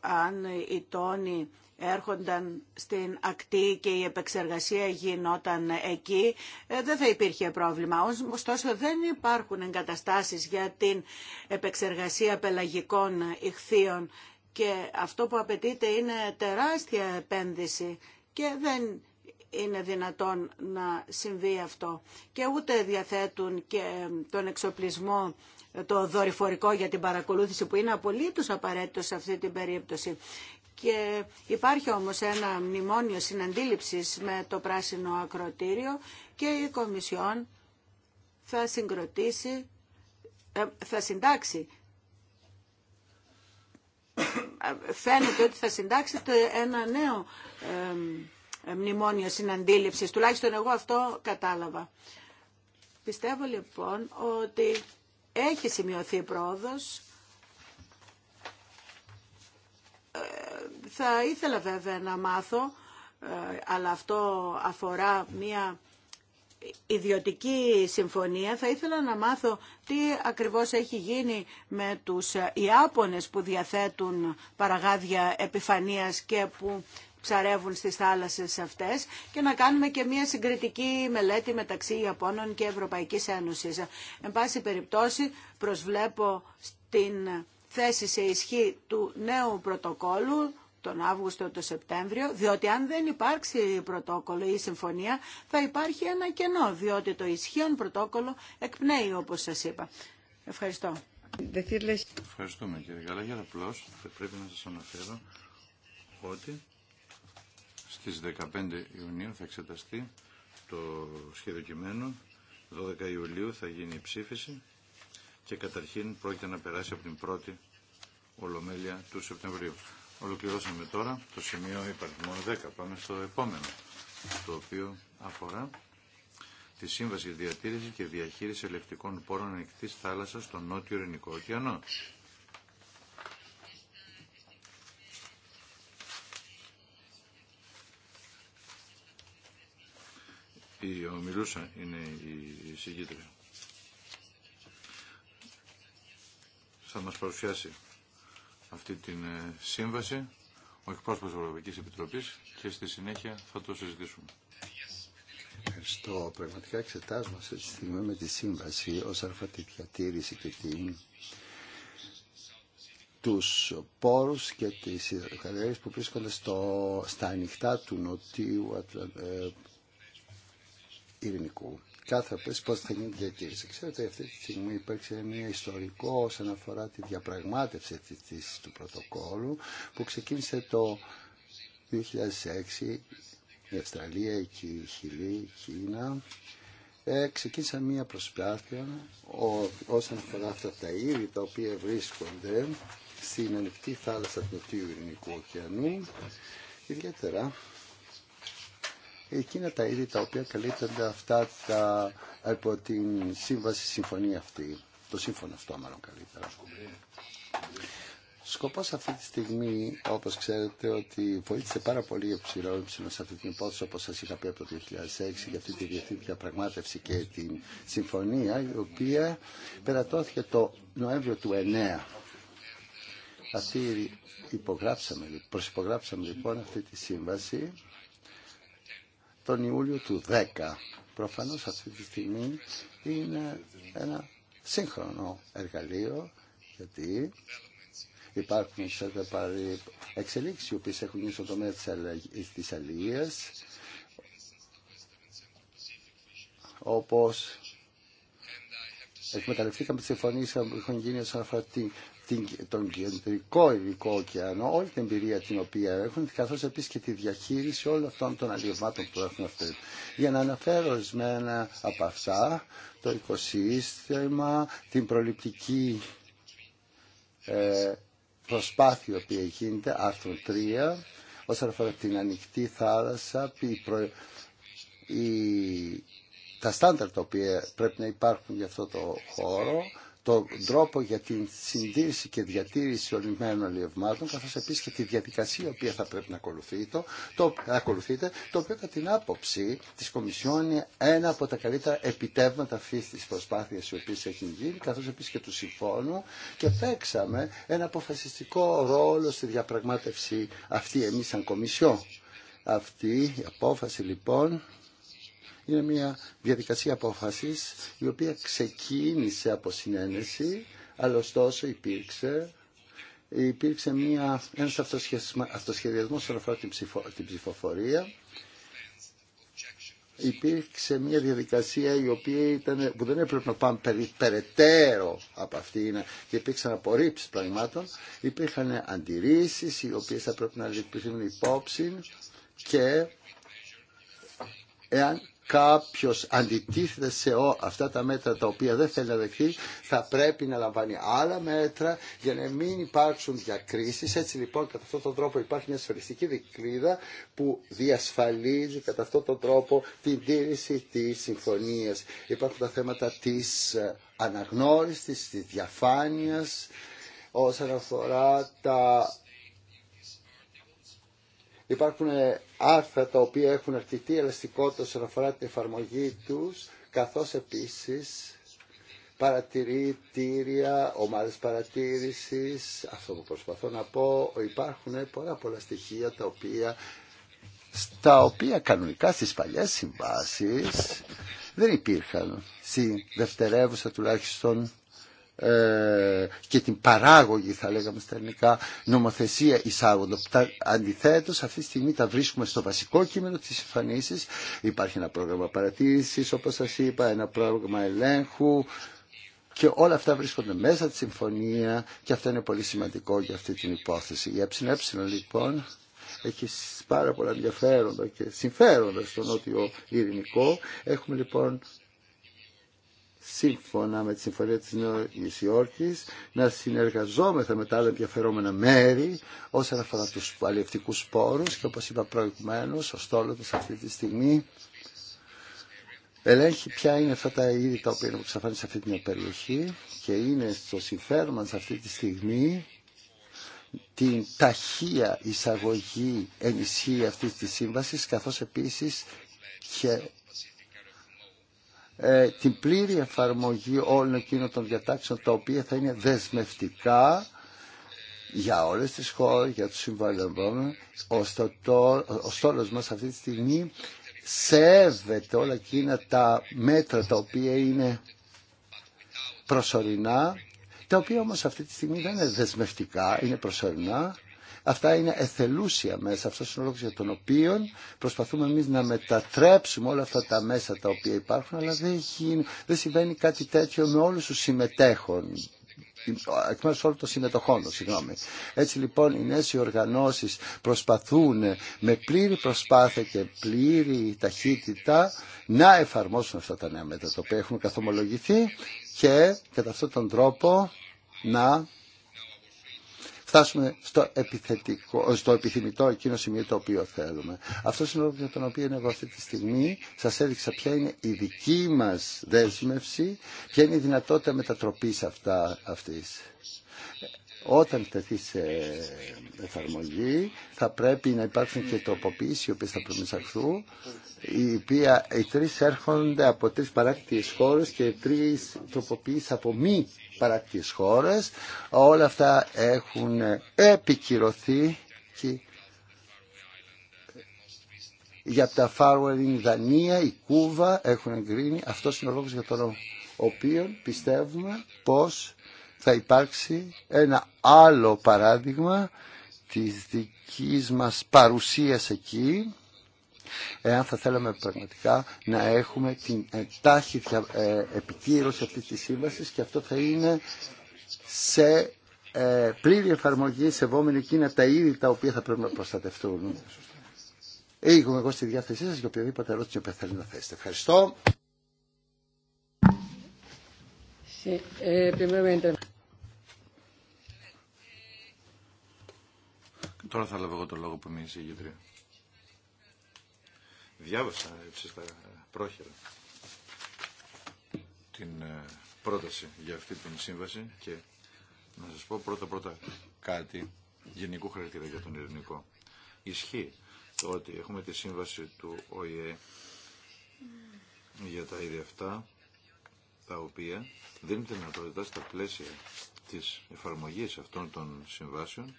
αν οι τόνοι έρχονταν στην ακτή και η επεξεργασία γινόταν εκεί, ε, δεν θα υπήρχε πρόβλημα. Ωστόσο δεν υπάρχουν εγκαταστάσεις για την επεξεργασία πελαγικών ηχθείων και αυτό που απαιτείται είναι τεράστια επένδυση και δεν είναι δυνατόν να συμβεί αυτό. Και ούτε διαθέτουν και τον εξοπλισμό το δορυφορικό για την παρακολούθηση που είναι απολύτως απαραίτητο σε αυτή την περίπτωση. Και υπάρχει όμως ένα μνημόνιο συναντήληψης με το πράσινο ακροτήριο και η Κομισιόν θα συγκροτήσει, ε, θα συντάξει φαίνεται ότι θα το ένα νέο μνημόνιο συναντήληψης. Τουλάχιστον εγώ αυτό κατάλαβα. Πιστεύω λοιπόν ότι έχει σημειωθεί πρόοδος. Ε, θα ήθελα βέβαια να μάθω, ε, αλλά αυτό αφορά μία ιδιωτική συμφωνία. Θα ήθελα να μάθω τι ακριβώς έχει γίνει με τους Ιάπωνες που διαθέτουν παραγάδια επιφανίας και που ψαρεύουν στις θάλασσες αυτές και να κάνουμε και μια συγκριτική μελέτη μεταξύ Ιαπώνων και ευρωπαϊκή Ένωση. Εν πάση περιπτώσει προσβλέπω στην θέση σε ισχύ του νέου πρωτόκολλου τον Αύγουστο, τον Σεπτέμβριο, διότι αν δεν υπάρξει πρωτόκολλο ή συμφωνία θα υπάρχει ένα κενό, διότι το ισχύον πρωτόκολλο εκπνέει όπως σας είπα. Ευχαριστώ. Ευχαριστούμε κύριε απλώς πρέπει να σας αναφέρω ότι στις 15 Ιουνίου θα εξεταστεί το σχέδιο κειμένου, 12 Ιουλίου θα γίνει η ψήφιση και καταρχήν πρόκειται να περάσει από την πρώτη Ολομέλεια του Σεπτεμβρίου. Ολοκληρώσαμε τώρα το σημείο υπαριθμών 10. Πάμε στο επόμενο, το οποίο αφορά τη Σύμβαση Διατήρηση και Διαχείριση Ελεκτικών Πόρων Ανοιχτής Θάλασσας στον Νότιο Ειρηνικό Ωκεανό. η ομιλούσα είναι η συγκίτρια. Θα μας παρουσιάσει αυτή την ε, σύμβαση ο εκπρόσωπος της Ευρωπαϊκής Επιτροπής και στη συνέχεια θα το συζητήσουμε. Ευχαριστώ. Πραγματικά εξετάζουμε σε τη στιγμή με τη σύμβαση ως αρφα τη διατήρηση και την τους πόρους και τις υδροκαλλιέργειες που βρίσκονται στο, στα ανοιχτά του νοτίου ε, ειρηνικού. Κάθε πώ θα γίνει η διατήρηση. Ξέρετε, αυτή τη στιγμή υπήρξε μια ιστορικό όσον αφορά τη διαπραγμάτευση θέση του πρωτοκόλου που ξεκίνησε το 2006 η Αυστραλία η Χιλή, η Κίνα. Ε, ξεκίνησα μια προσπάθεια ό, όσον αφορά αυτά τα είδη τα οποία βρίσκονται στην ανοιχτή θάλασσα του Νοτιού Ειρηνικού Ωκεανού ιδιαίτερα εκείνα τα είδη τα οποία καλύπτονται αυτά τα, από την σύμβαση συμφωνία αυτή, το σύμφωνο αυτό μάλλον καλύτερα. Σκοπός αυτή τη στιγμή, όπως ξέρετε, ότι βοήθησε πάρα πολύ ο μα σε αυτή την υπόθεση, όπως σας είχα πει από το 2006, για αυτή τη διεθνή διαπραγμάτευση και την συμφωνία, η οποία περατώθηκε το Νοέμβριο του 2009. Αυτή υπογράψαμε, προσυπογράψαμε λοιπόν αυτή τη σύμβαση τον Ιούλιο του 10. Προφανώς αυτή τη στιγμή είναι ένα σύγχρονο εργαλείο γιατί υπάρχουν ξέρετε πάρει εξελίξεις οι οποίες έχουν γίνει στον τομέα της αλληλείας όπως εκμεταλλευτήκαμε τις συμφωνίες που έχουν γίνει όσον αφορά την τον κεντρικό ελληνικό ωκεανό, όλη την εμπειρία την οποία έχουν, καθώς επίσης και τη διαχείριση όλων αυτών των αλλιευμάτων που έχουν αυτές. Για να αναφέρω ορισμένα από αυτά, το οικοσύστημα, την προληπτική ε, προσπάθεια που γίνεται, άρθρο 3, όσον αφορά την ανοιχτή θάλασσα, η, προ, η τα στάνταρτα τα οποία πρέπει να υπάρχουν για αυτό το χώρο, τον τρόπο για την συντήρηση και διατήρηση ολυμένων αλλιευμάτων, καθώς επίσης και τη διαδικασία η οποία θα πρέπει να ακολουθείτε, το, το οποίο κατά την άποψη της Κομισιόν είναι ένα από τα καλύτερα επιτεύγματα αυτή της προσπάθειας η οποία έχει γίνει, καθώς επίσης και του συμφώνου και παίξαμε ένα αποφασιστικό ρόλο στη διαπραγμάτευση αυτή εμείς σαν Κομισιόν. Αυτή η απόφαση λοιπόν είναι μια διαδικασία απόφαση η οποία ξεκίνησε από συνένεση, αλλά ωστόσο υπήρξε υπήρξε μια, ένας αυτοσχεδιασμός όσον αφορά την, ψηφο, την ψηφοφορία. Υπήρξε μια διαδικασία η οποία ήταν, που δεν έπρεπε να πάμε περι, περαιτέρω από αυτή και υπήρξαν απορρίψεις πραγμάτων. Υπήρχαν αντιρρήσεις οι οποίες θα πρέπει να λειτουργήσουν υπόψη και εάν Κάποιο αντιτίθεται σε αυτά τα μέτρα τα οποία δεν θέλει να δεχθεί θα πρέπει να λαμβάνει άλλα μέτρα για να μην υπάρξουν διακρίσεις. Έτσι λοιπόν κατά αυτόν τον τρόπο υπάρχει μια ασφαλιστική δικλίδα που διασφαλίζει κατά αυτόν τον τρόπο την τήρηση τη συμφωνία. Υπάρχουν τα θέματα της ε, αναγνώρισης, της διαφάνεια όσον αφορά τα Υπάρχουν ε, άρθρα τα οποία έχουν αρκετή ελαστικότητα όσον αφορά την εφαρμογή τους, καθώς επίσης παρατηρητήρια, ομάδες παρατήρησης, αυτό που προσπαθώ να πω, υπάρχουν ε, πολλά πολλά στοιχεία τα οποία, στα οποία κανονικά στις παλιές συμβάσεις δεν υπήρχαν στη δευτερεύουσα τουλάχιστον ε, και την παράγωγη θα λέγαμε στα ελληνικά νομοθεσία εισάγονται. Αντιθέτως αυτή τη στιγμή τα βρίσκουμε στο βασικό κείμενο της εμφανίσης. Υπάρχει ένα πρόγραμμα παρατήρησης όπως σας είπα, ένα πρόγραμμα ελέγχου και όλα αυτά βρίσκονται μέσα τη συμφωνία και αυτό είναι πολύ σημαντικό για αυτή την υπόθεση. Η ΕΕ λοιπόν έχει πάρα πολλά ενδιαφέροντα και συμφέροντα στο νότιο ειρηνικό. Έχουμε λοιπόν σύμφωνα με τη Συμφωνία της Νέας Υόρκης να συνεργαζόμεθα με τα άλλα ενδιαφερόμενα μέρη όσον αφορά τους αλληλευτικούς σπόρους και όπως είπα προηγουμένως ο Στόλωτος αυτή τη στιγμή ελέγχει ποια είναι αυτά τα είδη τα οποία είναι σε αυτή την περιοχή και είναι στο συμφέρον μας αυτή τη στιγμή την ταχεία εισαγωγή ενισχύει αυτή τη σύμβάση, καθώς επίσης και ε, την πλήρη εφαρμογή όλων εκείνων των διατάξεων τα οποία θα είναι δεσμευτικά για όλες τις χώρες, για τους συμβαλλοντών, ώστε το, ο στόλος μας αυτή τη στιγμή σέβεται όλα εκείνα τα μέτρα τα οποία είναι προσωρινά, τα οποία όμως αυτή τη στιγμή δεν είναι δεσμευτικά, είναι προσωρινά Αυτά είναι εθελούσια μέσα. Αυτός είναι ο λόγος για τον οποίο προσπαθούμε εμείς να μετατρέψουμε όλα αυτά τα μέσα τα οποία υπάρχουν, αλλά δεν, δεν συμβαίνει κάτι τέτοιο με όλους τους συμμετέχων εκ μέρους όλων των συμμετοχών, συγγνώμη. Έτσι λοιπόν οι νέες οι οργανώσεις προσπαθούν με πλήρη προσπάθεια και πλήρη ταχύτητα να εφαρμόσουν αυτά τα νέα μέτρα τα οποία έχουν καθομολογηθεί και κατά αυτόν τον τρόπο να φτάσουμε στο, επιθετικό, στο επιθυμητό εκείνο σημείο το οποίο θέλουμε. Αυτό είναι ο λόγο για τον οποίο εγώ αυτή τη στιγμή σα έδειξα ποια είναι η δική μα δέσμευση, ποια είναι η δυνατότητα μετατροπή αυτή. Όταν τεθεί σε εφαρμογή θα πρέπει να υπάρξουν και τροποποίησεις οι οποίες θα πρέπει οι, οποία, οι τρεις έρχονται από τρεις παράκτιες χώρες και τρεις τροποποίησεις από μη παράκτητες χώρες. Όλα αυτά έχουν επικυρωθεί και για τα Φάρουερ, η Δανία, η Κούβα έχουν εγκρίνει. Αυτό είναι ο λόγος για τον οποίο πιστεύουμε πως θα υπάρξει ένα άλλο παράδειγμα της δικής μας παρουσίας εκεί εάν θα θέλαμε πραγματικά να έχουμε την τάχη ε, επικύρωση αυτή της σύμβασης και αυτό θα είναι σε ε, πλήρη εφαρμογή σεβόμενη εκείνα τα είδη τα οποία θα πρέπει να προστατευτούν. Είμαι εγώ στη διάθεσή σας για οποιαδήποτε ερώτηση που θέλετε να θέσετε. Ευχαριστώ. Ε, Τώρα θα λάβω εγώ το λόγο που είμαι η συγγετρία. Διάβασα έτσι στα πρόχειρα την ε, πρόταση για αυτή την σύμβαση και να σας πω πρώτα πρώτα κάτι γενικού χαρακτήρα για τον ειρηνικό. Ισχύει το ότι έχουμε τη σύμβαση του ΟΗΕ για τα ίδια αυτά τα οποία δίνουν να δυνατότητα στα πλαίσια της εφαρμογής αυτών των συμβάσεων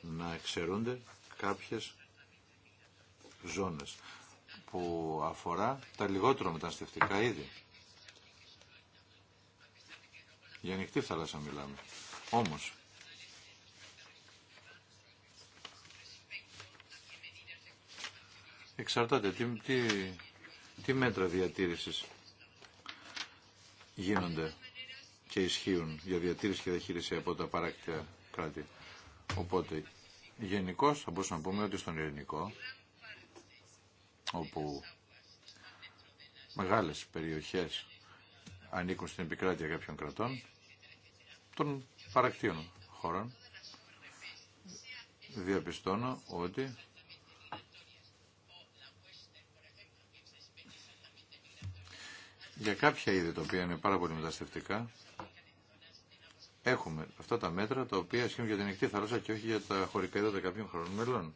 να εξαιρούνται κάποιες ζώνες που αφορά τα λιγότερο μεταναστευτικά είδη. Για ανοιχτή θάλασσα μιλάμε. Όμως, εξαρτάται τι, τι, τι μέτρα διατήρησης γίνονται και ισχύουν για διατήρηση και διαχείριση από τα παράκτια κράτη. Οπότε, γενικώ θα μπορούσαμε να πούμε ότι στον ελληνικό, όπου μεγάλες περιοχές ανήκουν στην επικράτεια κάποιων κρατών, των παρακτήων χωρών, διαπιστώνω ότι για κάποια είδη τα οποία είναι πάρα πολύ μεταστευτικά, έχουμε αυτά τα μέτρα τα οποία ισχύουν για την εκτή θάλασσα και όχι για τα χωρικά είδατα κάποιων χρόνων μελών.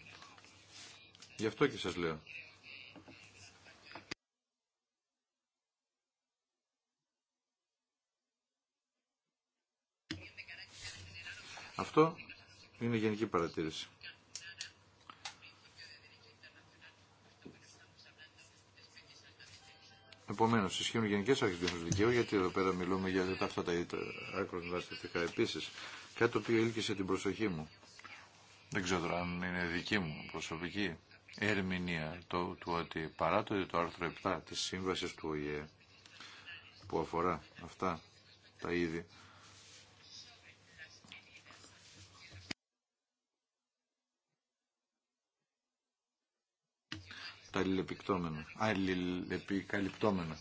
Γι' αυτό και σας λέω. Αυτό είναι γενική παρατήρηση. Επομένω, ισχύουν γενικέ αρχέ του δικαίου, γιατί εδώ πέρα μιλούμε για αυτά τα άκρο δραστηριστικά επίση. Κάτι το οποίο έλκυσε την προσοχή μου. Δεν ξέρω αν είναι δική μου προσωπική ερμηνεία το, του ότι παρά το το άρθρο 7 της σύμβασης του ΟΗΕ που αφορά αυτά τα είδη τα αλληλεπικαλυπτόμενα.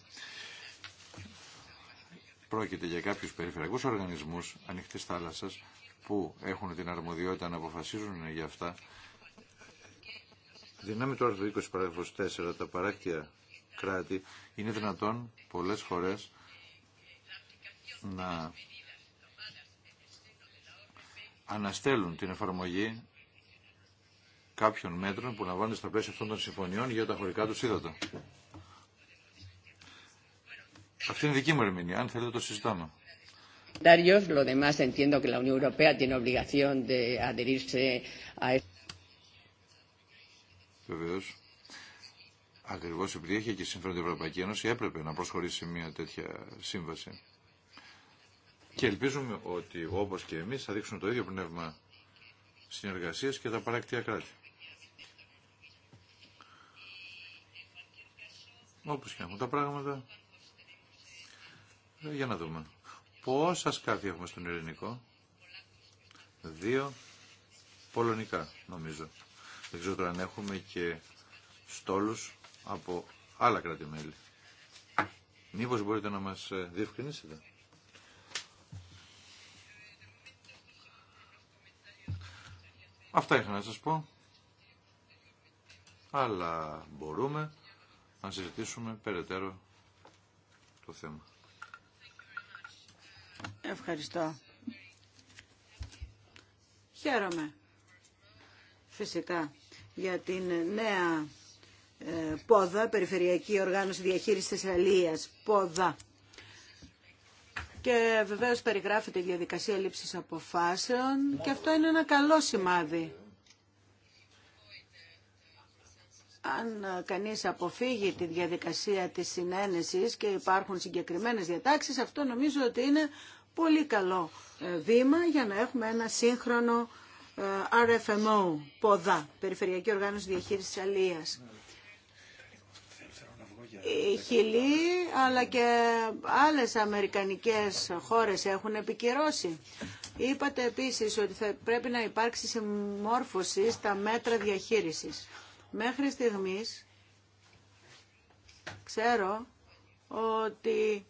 Πρόκειται για κάποιου περιφερειακούς οργανισμούς ανοιχτή θάλασσας που έχουν την αρμοδιότητα να αποφασίζουν για αυτά. Δυνάμει του άρθρου 20 παράγραφος 4 τα παράκτια κράτη είναι δυνατόν πολλές φορές να αναστέλουν την εφαρμογή κάποιων μέτρων που λαμβάνονται στα πλαίσια αυτών των συμφωνιών για τα χωρικά του ύδατα. Αυτή είναι δική μου ερμηνεία. Αν θέλετε το συζητάμε. Βεβαίω. Ακριβώ επειδή έχει και η την Ευρωπαϊκή Ένωση, έπρεπε να προσχωρήσει μια τέτοια σύμβαση. Και ελπίζουμε ότι όπω και εμεί θα δείξουν το ίδιο πνεύμα συνεργασία και τα παράκτια κράτη. Όπω και έχουν τα πράγματα. Ε, για να δούμε. Πόσα σκάφη έχουμε στον ελληνικό. Δύο πολωνικά νομίζω. Δεν ξέρω τώρα αν έχουμε και στόλους από άλλα κράτη-μέλη. Μήπως μπορείτε να μας ε, διευκρινίσετε. Αυτά είχα να σας πω. Αλλά μπορούμε να συζητήσουμε περαιτέρω το θέμα. Ευχαριστώ. Χαίρομαι φυσικά για την νέα ε, πόδα, Περιφερειακή Οργάνωση Διαχείρισης της πόδα. Και βεβαίως περιγράφεται η διαδικασία λήψης αποφάσεων και αυτό είναι ένα καλό σημάδι. αν κανείς αποφύγει τη διαδικασία της συνένεσης και υπάρχουν συγκεκριμένες διατάξεις, αυτό νομίζω ότι είναι πολύ καλό ε, βήμα για να έχουμε ένα σύγχρονο RFMO, ε, ΠΟΔΑ, Περιφερειακή Οργάνωση Διαχείρισης Αλίας. Η Χιλή αλλά και άλλες αμερικανικές χώρες έχουν επικυρώσει. Είπατε επίσης ότι πρέπει να υπάρξει συμμόρφωση στα μέτρα διαχείρισης. Μέχρι στιγμής ξέρω ότι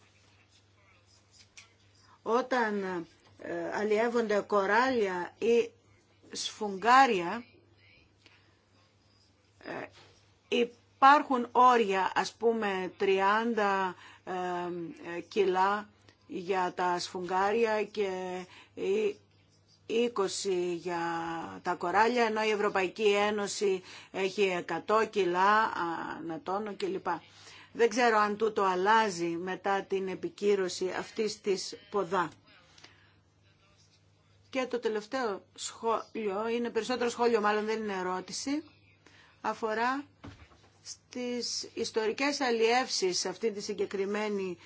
όταν ε, αλλιεύονται κοράλια ή σφουγγάρια ε, υπάρχουν όρια ας πούμε 30 ε, κιλά για τα σφουγγάρια και 20 για τα κοράλια, ενώ η Ευρωπαϊκή Ένωση έχει 100 κιλά ανατόνο κλπ. Δεν ξέρω αν τούτο αλλάζει μετά την επικύρωση αυτής της ποδά. Και το τελευταίο σχόλιο, είναι περισσότερο σχόλιο μάλλον δεν είναι ερώτηση, αφορά στις ιστορικές αλλιεύσεις σε αυτή τη συγκεκριμένη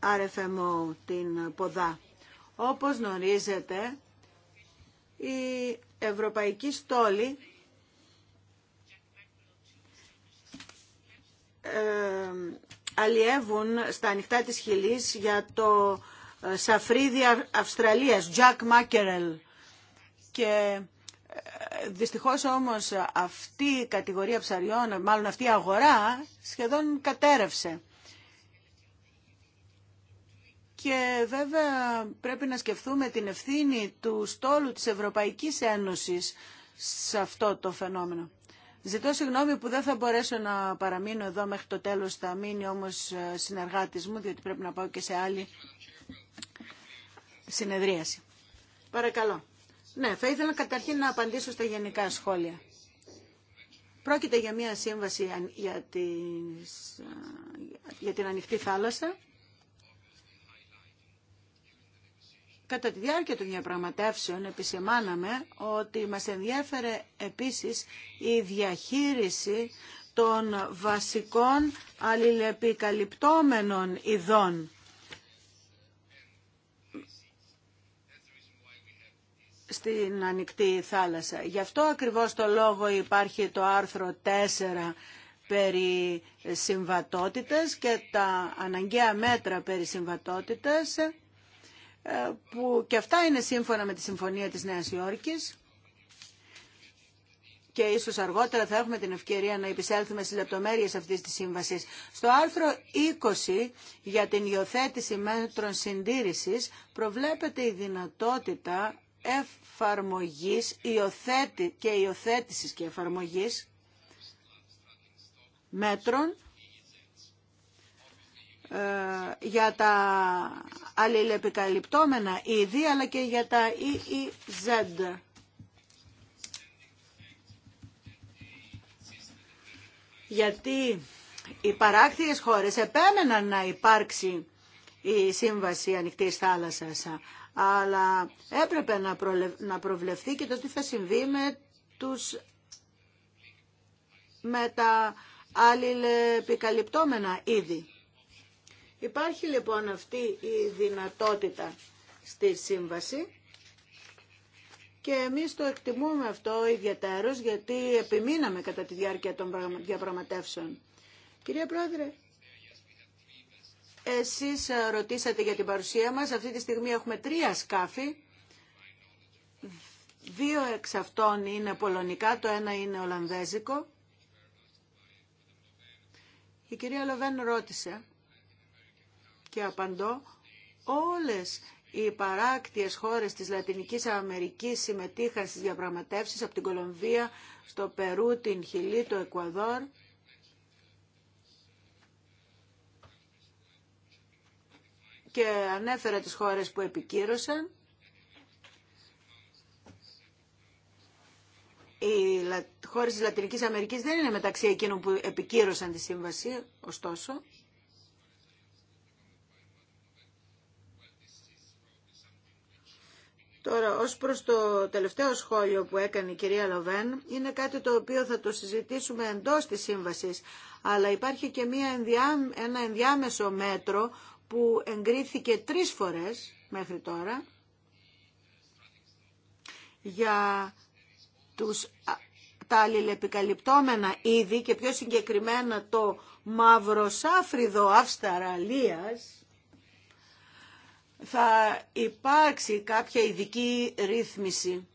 RFMO, ε, την ποδά. Όπως γνωρίζετε, η Ευρωπαϊκή Στόλη αλλιεύουν στα ανοιχτά της χιλής για το ε, σαφρίδι Αυστραλίας, Jack Mackerel. Και ε, δυστυχώς όμως αυτή η κατηγορία ψαριών, μάλλον αυτή η αγορά, σχεδόν κατέρευσε. Και βέβαια πρέπει να σκεφτούμε την ευθύνη του στόλου της Ευρωπαϊκής Ένωσης σε αυτό το φαινόμενο. Ζητώ συγγνώμη που δεν θα μπορέσω να παραμείνω εδώ μέχρι το τέλος, θα μείνει όμως ε, συνεργάτης μου, διότι πρέπει να πάω και σε άλλη συνεδρίαση. Παρακαλώ. Ναι, θα ήθελα καταρχήν να απαντήσω στα γενικά σχόλια. Πρόκειται για μια σύμβαση για, ε, για την ανοιχτή θάλασσα Κατά τη διάρκεια των διαπραγματεύσεων επισημάναμε ότι μας ενδιέφερε επίσης η διαχείριση των βασικών αλληλεπικαλυπτόμενων ειδών. στην ανοιχτή θάλασσα. Γι' αυτό ακριβώς το λόγο υπάρχει το άρθρο 4 περί συμβατότητες και τα αναγκαία μέτρα περί συμβατότητες, ε, που και αυτά είναι σύμφωνα με τη Συμφωνία της Νέας Υόρκης και ίσως αργότερα θα έχουμε την ευκαιρία να επισέλθουμε στις λεπτομέρειες αυτής της σύμβασης. Στο άρθρο 20 για την υιοθέτηση μέτρων συντήρησης προβλέπεται η δυνατότητα εφαρμογής και υιοθέτησης και εφαρμογής μέτρων ε, για τα αλληλεπικαλυπτόμενα είδη αλλά και για τα EEZ. Γιατί οι παράκτιες χώρες επέμεναν να υπάρξει η Σύμβαση Ανοιχτή Θάλασσας αλλά έπρεπε να προβλεφθεί και το τι θα συμβεί με, τους, με τα αλληλεπικαλυπτόμενα είδη. Υπάρχει λοιπόν αυτή η δυνατότητα στη σύμβαση και εμείς το εκτιμούμε αυτό ιδιαίτερος γιατί επιμείναμε κατά τη διάρκεια των διαπραγματεύσεων. Κυρία Πρόεδρε, εσείς ρωτήσατε για την παρουσία μας. Αυτή τη στιγμή έχουμε τρία σκάφη. Δύο εξ αυτών είναι πολωνικά, το ένα είναι ολλανδέζικο. Η κυρία Λοβέν ρώτησε και απαντώ όλες οι παράκτιες χώρες της Λατινικής Αμερικής συμμετείχαν στις διαπραγματεύσεις από την Κολομβία στο Περού, την Χιλή, το Εκουαδόρ. Και ανέφερα τις χώρες που επικύρωσαν. Οι χώρες της Λατινικής Αμερικής δεν είναι μεταξύ εκείνων που επικύρωσαν τη σύμβαση, ωστόσο. Τώρα, ως προς το τελευταίο σχόλιο που έκανε η κυρία Λοβέν, είναι κάτι το οποίο θα το συζητήσουμε εντός της σύμβασης, αλλά υπάρχει και μια ένα ενδιάμεσο μέτρο που εγκρίθηκε τρεις φορές μέχρι τώρα για τους, τα αλληλεπικαλυπτόμενα είδη και πιο συγκεκριμένα το μαυροσάφριδο Αυσταραλίας, θα υπάρξει κάποια ειδική ρύθμιση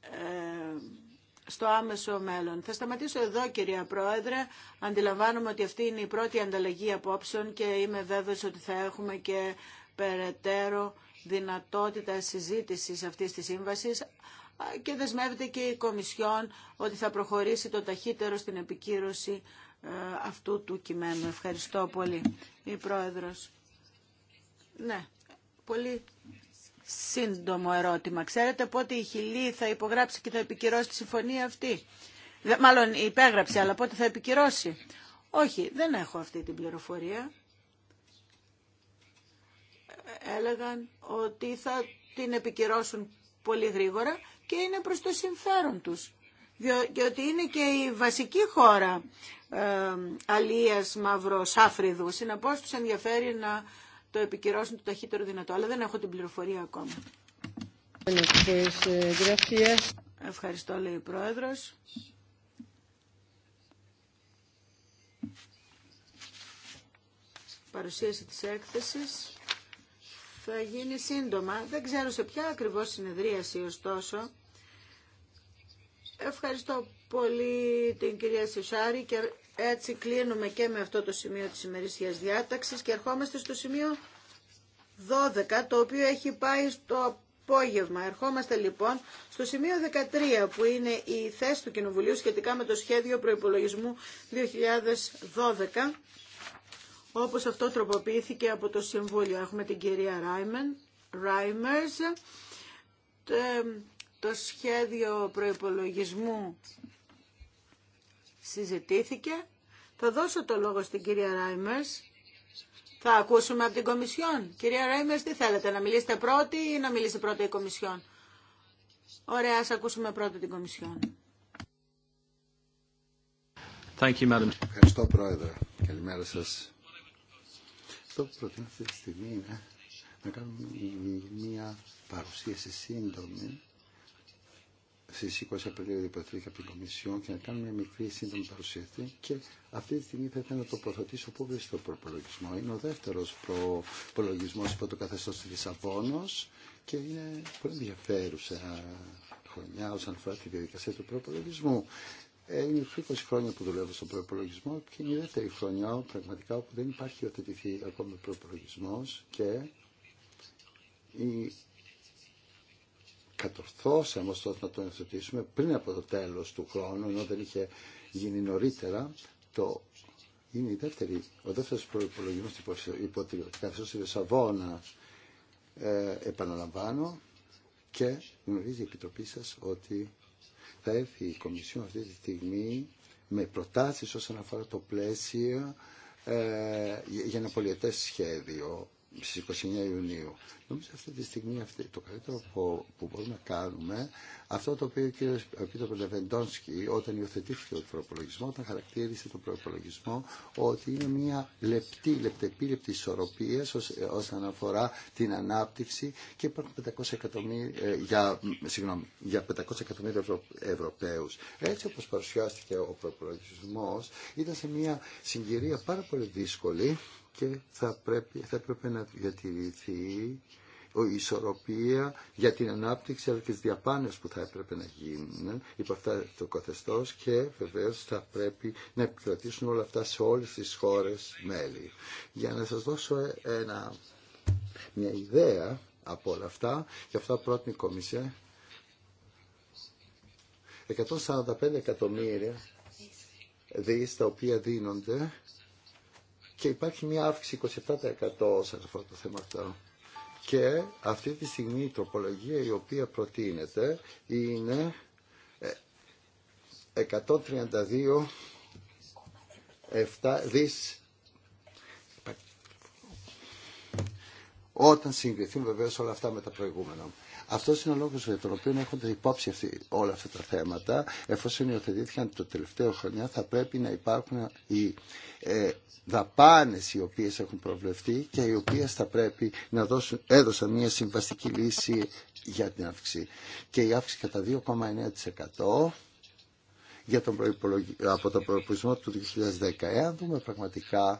ε, στο άμεσο μέλλον. Θα σταματήσω εδώ κυρία Πρόεδρε. Αντιλαμβάνομαι ότι αυτή είναι η πρώτη ανταλλαγή απόψεων και είμαι βέβαιος ότι θα έχουμε και περαιτέρω δυνατότητα συζήτησης αυτής της σύμβασης και δεσμεύεται και η Κομισιόν ότι θα προχωρήσει το ταχύτερο στην επικύρωση ε, αυτού του κειμένου. Ευχαριστώ πολύ. Η Πρόεδρος. Ναι, Πολύ σύντομο ερώτημα. Ξέρετε πότε η Χιλή θα υπογράψει και θα επικυρώσει τη συμφωνία αυτή. Μάλλον υπέγραψε, αλλά πότε θα επικυρώσει. Όχι, δεν έχω αυτή την πληροφορία. Έλεγαν ότι θα την επικυρώσουν πολύ γρήγορα και είναι προς το συμφέρον τους. Διότι είναι και η βασική χώρα ε, αλίας Είναι πως τους ενδιαφέρει να το επικυρώσουν το ταχύτερο δυνατό. Αλλά δεν έχω την πληροφορία ακόμα. Ευχαριστώ, λέει η Πρόεδρος. Παρουσίαση της έκθεσης θα γίνει σύντομα. Δεν ξέρω σε ποια ακριβώς συνεδρίαση, ωστόσο. Ευχαριστώ πολύ την κυρία Σεσάρη και έτσι κλείνουμε και με αυτό το σημείο της ημερήσιας διάταξης και ερχόμαστε στο σημείο 12, το οποίο έχει πάει στο απόγευμα. Ερχόμαστε λοιπόν στο σημείο 13, που είναι η θέση του Κοινοβουλίου σχετικά με το σχέδιο προϋπολογισμού 2012, όπως αυτό τροποποιήθηκε από το Συμβούλιο. Έχουμε την κυρία Ράιμεν, Ράιμερς, το ε, σχέδιο προϋπολογισμού συζητήθηκε. Θα δώσω το λόγο στην κυρία Ράιμερς. Θα ακούσουμε από την Κομισιόν. Κυρία Ράιμερς, τι θέλετε, να μιλήσετε πρώτη ή να μιλήσει πρώτα η να μιλησει πρωτη Ωραία, ας ακούσουμε πρώτη την Κομισιόν. Thank you, Madam. Ευχαριστώ, Πρόεδρε. Καλημέρα σας. Αυτό που προτείνω αυτή τη στιγμή είναι να κάνουμε μια παρουσίαση σύντομη στι 20 Απριλίου διπλωθεί από την Κομισιόν και να κάνουμε μια μικρή σύντομη παρουσίαση. Και αυτή τη στιγμή θα ήθελα να τοποθετήσω πού βρίσκεται ο προπολογισμό. Είναι ο δεύτερο προπολογισμό υπό το καθεστώ τη Λισαβόνα και είναι πολύ ενδιαφέρουσα χρονιά όσον αφορά τη διαδικασία του προπολογισμού. Είναι 20 χρόνια που δουλεύω στον το καθεστω τη Λισαβόνο και είναι η δεύτερη χρονιά πραγματικά όπου δεν υπάρχει οθετηθεί ακόμα προπολογισμό και η κατορθώσαμε τότε να τον ευθετήσουμε πριν από το τέλος του χρόνου, ενώ δεν είχε γίνει νωρίτερα, το είναι η δεύτερη, ο δεύτερος προϋπολογισμός υπό τη Λισαβόνα, ε, επαναλαμβάνω, και γνωρίζει η Επιτροπή σας ότι θα έρθει η Κομισιόν αυτή τη στιγμή με προτάσεις όσον αφορά το πλαίσιο ε, για ένα πολιετές σχέδιο στις 29 Ιουνίου. Νομίζω αυτή τη στιγμή το καλύτερο που, που μπορούμε να κάνουμε, αυτό το οποίο ο κ. Πίτρο όταν υιοθετήθηκε ο προπολογισμό, όταν χαρακτήρισε τον προπολογισμό, ότι είναι μια λεπτή, λεπτεπίλεπτη ισορροπία όσον αφορά την ανάπτυξη και υπάρχουν 500 εκατομμύρια, ε, για, για 500 εκατομμύρια Ευρω, Ευρωπαίους. Έτσι όπω παρουσιάστηκε ο προπολογισμό ήταν σε μια συγκυρία πάρα πολύ δύσκολη, και θα, πρέπει, θα έπρεπε να διατηρηθεί η ισορροπία για την ανάπτυξη αλλά και τις διαπάνες που θα έπρεπε να γίνουν υπό αυτά το καθεστώς και βεβαίως θα πρέπει να επικρατήσουν όλα αυτά σε όλες τις χώρες μέλη. Για να σας δώσω ένα, μια ιδέα από όλα αυτά γι' αυτά πρότεινε η Κομισέ 145 εκατομμύρια δις τα οποία δίνονται και υπάρχει μια αύξηση 27% σε αυτό το θέμα αυτό. Και αυτή τη στιγμή η τροπολογία η οποία προτείνεται είναι 132 ε, δις όταν συγκριθούν βεβαίω όλα αυτά με τα προηγούμενα. Αυτό είναι ο λόγο για τον οποίο έχονται υπόψη αυτή, όλα αυτά τα θέματα, εφόσον υιοθετήθηκαν το τελευταίο χρονιά, θα πρέπει να υπάρχουν οι ε, δαπάνε οι οποίε έχουν προβλεφθεί και οι οποίε θα πρέπει να δώσουν, έδωσαν μια συμβαστική λύση για την αύξηση. Και η αύξηση κατά 2,9% για τον από τον προϋπολογισμό του 2010. Εάν δούμε πραγματικά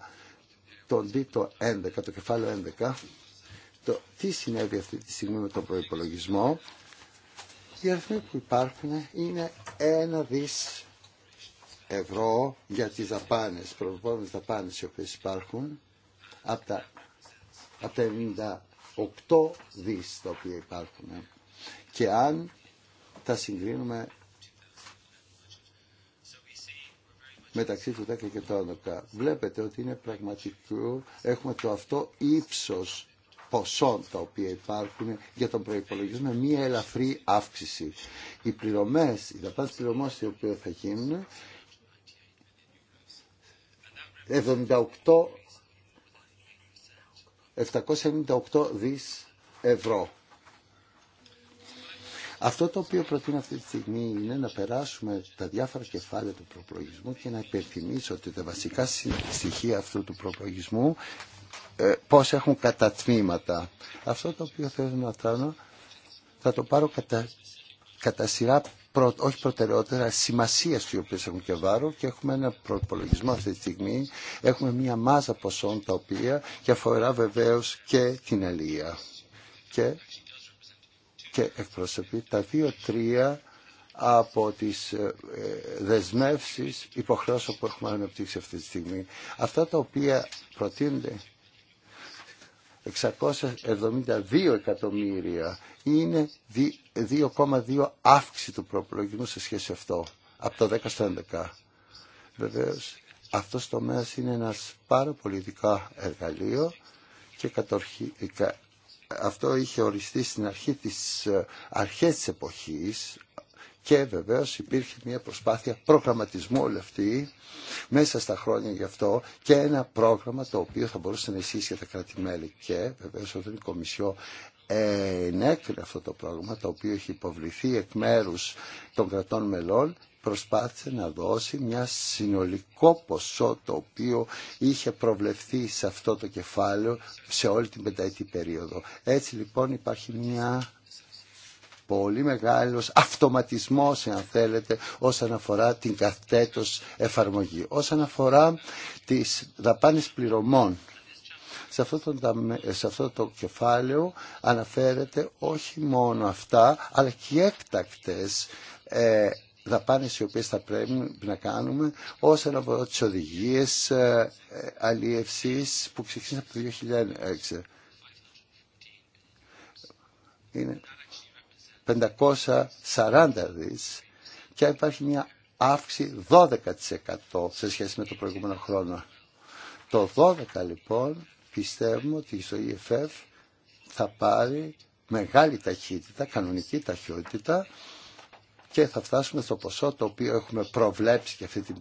τον τίτλο 11, το κεφάλαιο 11, το τι συνέβη αυτή τη στιγμή με τον προϋπολογισμό. Οι αριθμοί που υπάρχουν είναι ένα δις ευρώ για τις δαπάνες, προβλεπόμενες δαπάνες οι οποίες υπάρχουν από τα, από τα 98 δις τα οποία υπάρχουν. Και αν τα συγκρίνουμε μεταξύ του 10 και του 11. Βλέπετε ότι είναι πραγματικό, έχουμε το αυτό ύψος ποσών τα οποία υπάρχουν για τον προϋπολογισμό με μία ελαφρή αύξηση. Οι πληρωμές, οι δαπάνες πληρωμές οι οποίες θα γίνουν 78 798 δις ευρώ. Αυτό το οποίο προτείνω αυτή τη στιγμή είναι να περάσουμε τα διάφορα κεφάλαια του προπολογισμού και να υπενθυμίσω ότι τα βασικά στοιχεία αυτού του προπολογισμού ε, πώς έχουν κατατμήματα. Αυτό το οποίο θέλω να κάνω θα το πάρω κατά, κατά σειρά προ, όχι προτεραιότερα σημασία οι οποίε έχουν και βάρο και έχουμε ένα προπολογισμό αυτή τη στιγμή. Έχουμε μια μάζα ποσών τα οποία και αφορά βεβαίω και την αλληλεία. Και, και εκπροσωπεί τα δύο-τρία από τις ε, δεσμεύσεις υποχρεώσεων που έχουμε αναπτύξει αυτή τη στιγμή. Αυτά τα οποία προτείνονται 672 εκατομμύρια είναι 2,2 αύξηση του προπολογισμού σε σχέση αυτό από το 10 στο 11. αυτό αυτός μέσο είναι ένα πάρα πολιτικά εργαλείο και αυτό είχε οριστεί στην αρχή της ε, αρχές της εποχής και βεβαίως υπήρχε μια προσπάθεια προγραμματισμού όλη αυτή μέσα στα χρόνια γι' αυτό και ένα πρόγραμμα το οποίο θα μπορούσε να ισχύσει για τα κράτη-μέλη και βεβαίως όταν η Κομισιό ενέκρινε αυτό το πρόγραμμα το οποίο έχει υποβληθεί εκ μέρου των κρατών μελών προσπάθησε να δώσει μια συνολικό ποσό το οποίο είχε προβλεφθεί σε αυτό το κεφάλαιο σε όλη την πενταετή περίοδο. Έτσι λοιπόν υπάρχει μια πολύ μεγάλος αυτοματισμός, αν θέλετε, όσον αφορά την καθέτος εφαρμογή. Όσον αφορά τις δαπάνες πληρωμών, σε αυτό, το, σε αυτό το κεφάλαιο αναφέρεται όχι μόνο αυτά, αλλά και έκτακτες ε, δαπάνες οι οποίες θα πρέπει να κάνουμε όσον αφορά τις οδηγίες ε, ε αλλιευσής που ξεκίνησαν από το 2006. Είναι 540 δις και υπάρχει μια αύξηση 12% σε σχέση με το προηγούμενο χρόνο. Το 12 λοιπόν πιστεύουμε ότι στο EFF θα πάρει μεγάλη ταχύτητα, κανονική ταχύτητα και θα φτάσουμε στο ποσό το οποίο έχουμε προβλέψει και αυτή την,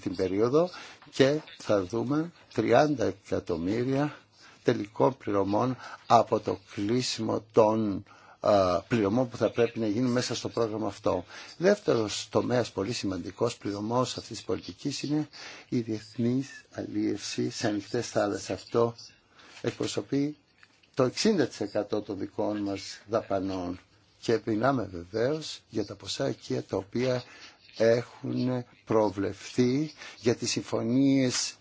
την περίοδο και θα δούμε 30 εκατομμύρια τελικών πληρωμών από το κλείσιμο των ε, πληρωμό που θα πρέπει να γίνει μέσα στο πρόγραμμα αυτό. Δεύτερος τομέας πολύ σημαντικός πληρωμός αυτής της πολιτικής είναι η διεθνή αλίευση σε ανοιχτέ θάλασσες. Αυτό εκπροσωπεί το 60% των δικών μας δαπανών και επινάμε βεβαίω για τα ποσά εκεί τα οποία έχουν προβλεφθεί για τις συμφωνίες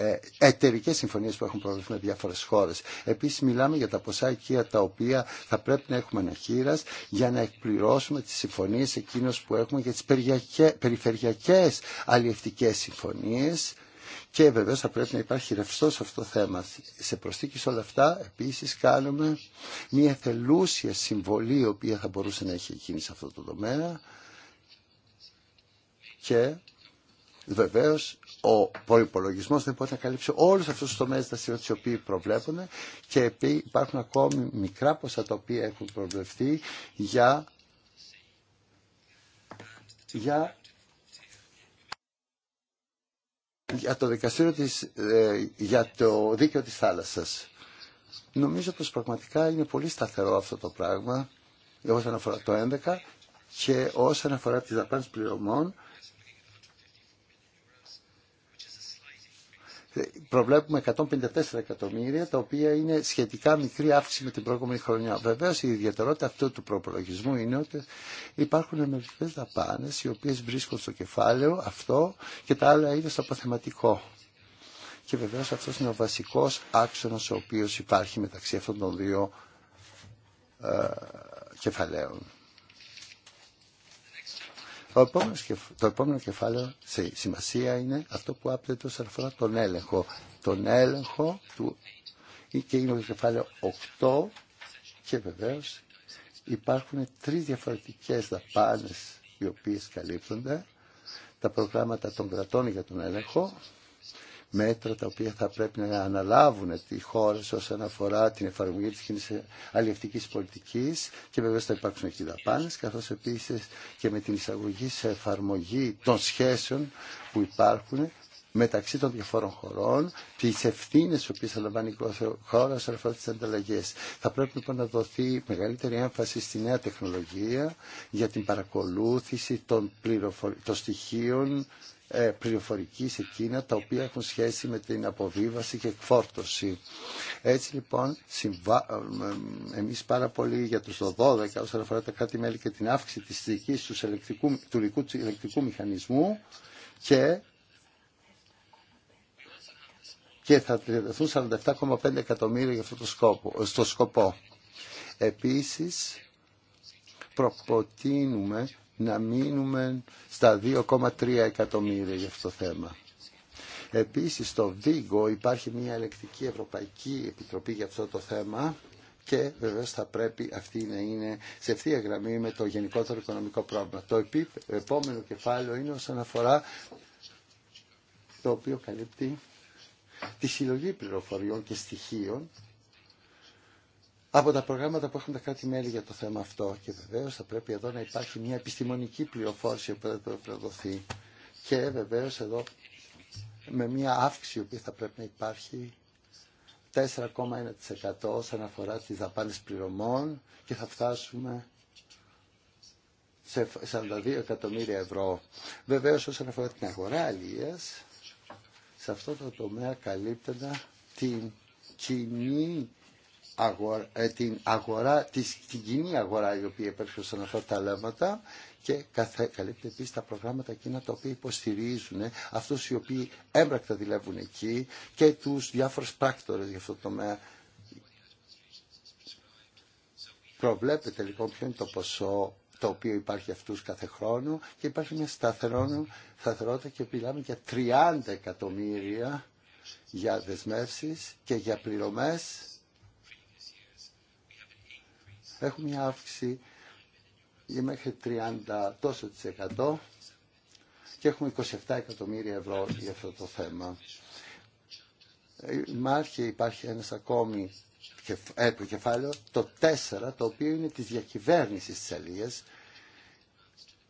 ε, εταιρικέ συμφωνίε που έχουν προβληθεί με διάφορε χώρε. Επίση, μιλάμε για τα ποσά οικεία τα οποία θα πρέπει να έχουμε αναχείρα για να εκπληρώσουμε τι συμφωνίε εκείνε που έχουμε για τι περιφερειακέ αλλιευτικέ συμφωνίε. Και βεβαίω θα πρέπει να υπάρχει ρευστό σε αυτό το θέμα. Σε προσθήκη σε όλα αυτά, επίση, κάνουμε μια θελούσια συμβολή η οποία θα μπορούσε να έχει εκείνη σε αυτό το τομέα. Και βεβαίω ο προπολογισμό δεν μπορεί να καλύψει όλου αυτού του τομέε δραστηριότητα οι οποίοι προβλέπουν και υπάρχουν ακόμη μικρά ποσά τα οποία έχουν προβλεφθεί για, για για το δικαστήριο της, ε, για το δίκαιο της θάλασσας. Νομίζω πως πραγματικά είναι πολύ σταθερό αυτό το πράγμα όσον αφορά το 11 και όσον αφορά τις δαπάνες πληρωμών προβλέπουμε 154 εκατομμύρια, τα οποία είναι σχετικά μικρή αύξηση με την προηγούμενη χρονιά. Βεβαίω, η ιδιαιτερότητα αυτού του προπολογισμού είναι ότι υπάρχουν μερικέ δαπάνε οι οποίε βρίσκονται στο κεφάλαιο αυτό και τα άλλα είναι στο αποθεματικό. Και βεβαίω αυτό είναι ο βασικό άξονα ο οποίο υπάρχει μεταξύ αυτών των δύο ε, κεφαλαίων. Το επόμενο, κεφάλαιο σε σημασία είναι αυτό που άπτεται όσον αφορά τον έλεγχο. Τον έλεγχο του και είναι το κεφάλαιο 8 και βεβαίω υπάρχουν τρεις διαφορετικές δαπάνες οι οποίες καλύπτονται. Τα προγράμματα των κρατών για τον έλεγχο, μέτρα τα οποία θα πρέπει να αναλάβουν οι χώρε όσον αφορά την εφαρμογή τη κοινή αλληλευτική πολιτική και βεβαίω θα υπάρξουν εκεί δαπάνε, καθώ επίση και με την εισαγωγή σε εφαρμογή των σχέσεων που υπάρχουν μεταξύ των διαφόρων χωρών, τι ευθύνε που οποίε θα λαμβάνει η χώρα σε αφορά τι ανταλλαγέ. Θα πρέπει λοιπόν να δοθεί μεγαλύτερη έμφαση στη νέα τεχνολογία για την παρακολούθηση των, των στοιχείων ε, πληροφορική σε εκείνα τα οποία έχουν σχέση με την αποβίβαση και εκφόρτωση. Έτσι λοιπόν συμβα... Ε, ε, εμείς πάρα πολύ για τους 12 όσον αφορά τα κράτη-μέλη και την αύξηση της δικής του ηλεκτρικού του ηλεκτρικού μηχανισμού και και θα διαδεθούν 47,5 εκατομμύρια για αυτό το σκόπο, στο σκοπό. Επίσης, προποτείνουμε να μείνουμε στα 2,3 εκατομμύρια για αυτό το θέμα. Επίσης στο Βίγκο υπάρχει μια ελεκτική Ευρωπαϊκή Επιτροπή για αυτό το θέμα και βεβαίω θα πρέπει αυτή να είναι σε ευθεία γραμμή με το γενικότερο οικονομικό πρόβλημα. Το επόμενο κεφάλαιο είναι όσον αφορά το οποίο καλύπτει τη συλλογή πληροφοριών και στοιχείων από τα προγράμματα που έχουν τα κράτη-μέλη για το θέμα αυτό. Και βεβαίως θα πρέπει εδώ να υπάρχει μια επιστημονική πληροφόρηση που θα πρέπει να δοθεί. Και βεβαίως εδώ με μια αύξηση που θα πρέπει να υπάρχει 4,1% όσον αφορά τις δαπάνες πληρωμών και θα φτάσουμε σε 42 εκατομμύρια ευρώ. Βεβαίως όσον αφορά την αγορά αλλίας, σε αυτό το τομέα καλύπτεται την κοινή αγορά, ε, την, αγορά, την κοινή αγορά η οποία υπέρχεται αυτά τα λέματα και καλύπτει επίση τα προγράμματα εκείνα τα οποία υποστηρίζουν ε, αυτούς οι οποίοι έμπρακτα δουλεύουν εκεί και τους διάφορους πράκτορες για αυτό το τομέα. Προβλέπετε λοιπόν ποιο είναι το ποσό το οποίο υπάρχει αυτούς κάθε χρόνο και υπάρχει μια σταθερότητα και μιλάμε για 30 εκατομμύρια για δεσμεύσεις και για πληρωμές έχουμε μια αύξηση για μέχρι 30 και έχουμε 27 εκατομμύρια ευρώ για αυτό το θέμα. Υπάρχει, υπάρχει ένας ακόμη ε, κεφάλαιο, το 4, το οποίο είναι της διακυβέρνησης της Αλίας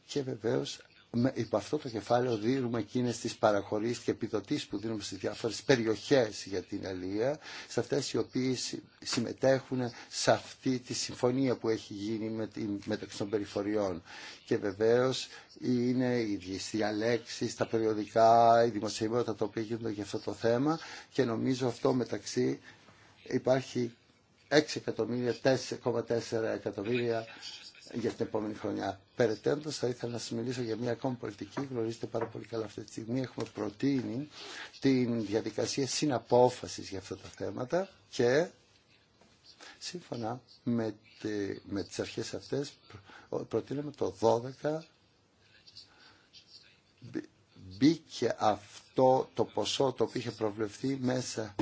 και βεβαίως με, υπό αυτό το κεφάλαιο δίνουμε εκείνε τι παραχωρήσει και επιδοτήσει που δίνουμε στι διάφορε περιοχέ για την Αλία, σε αυτέ οι οποίε συμμετέχουν σε αυτή τη συμφωνία που έχει γίνει με, μεταξύ των περιφοριών. Και βεβαίω είναι οι διαλέξει, τα περιοδικά, οι δημοσιεύματα τα οποία γίνονται για αυτό το θέμα και νομίζω αυτό μεταξύ υπάρχει 6 εκατομμύρια, 4,4 εκατομμύρια για την επόμενη χρονιά. Περαιτέρω θα ήθελα να σα μιλήσω για μια ακόμη πολιτική. Γνωρίζετε πάρα πολύ καλά αυτή τη στιγμή. Έχουμε προτείνει την διαδικασία συναπόφαση για αυτά τα θέματα και σύμφωνα με, τη, με τις αρχές αυτές προτείναμε το 12 μπήκε αυτό το ποσό το οποίο είχε προβλεφθεί μέσα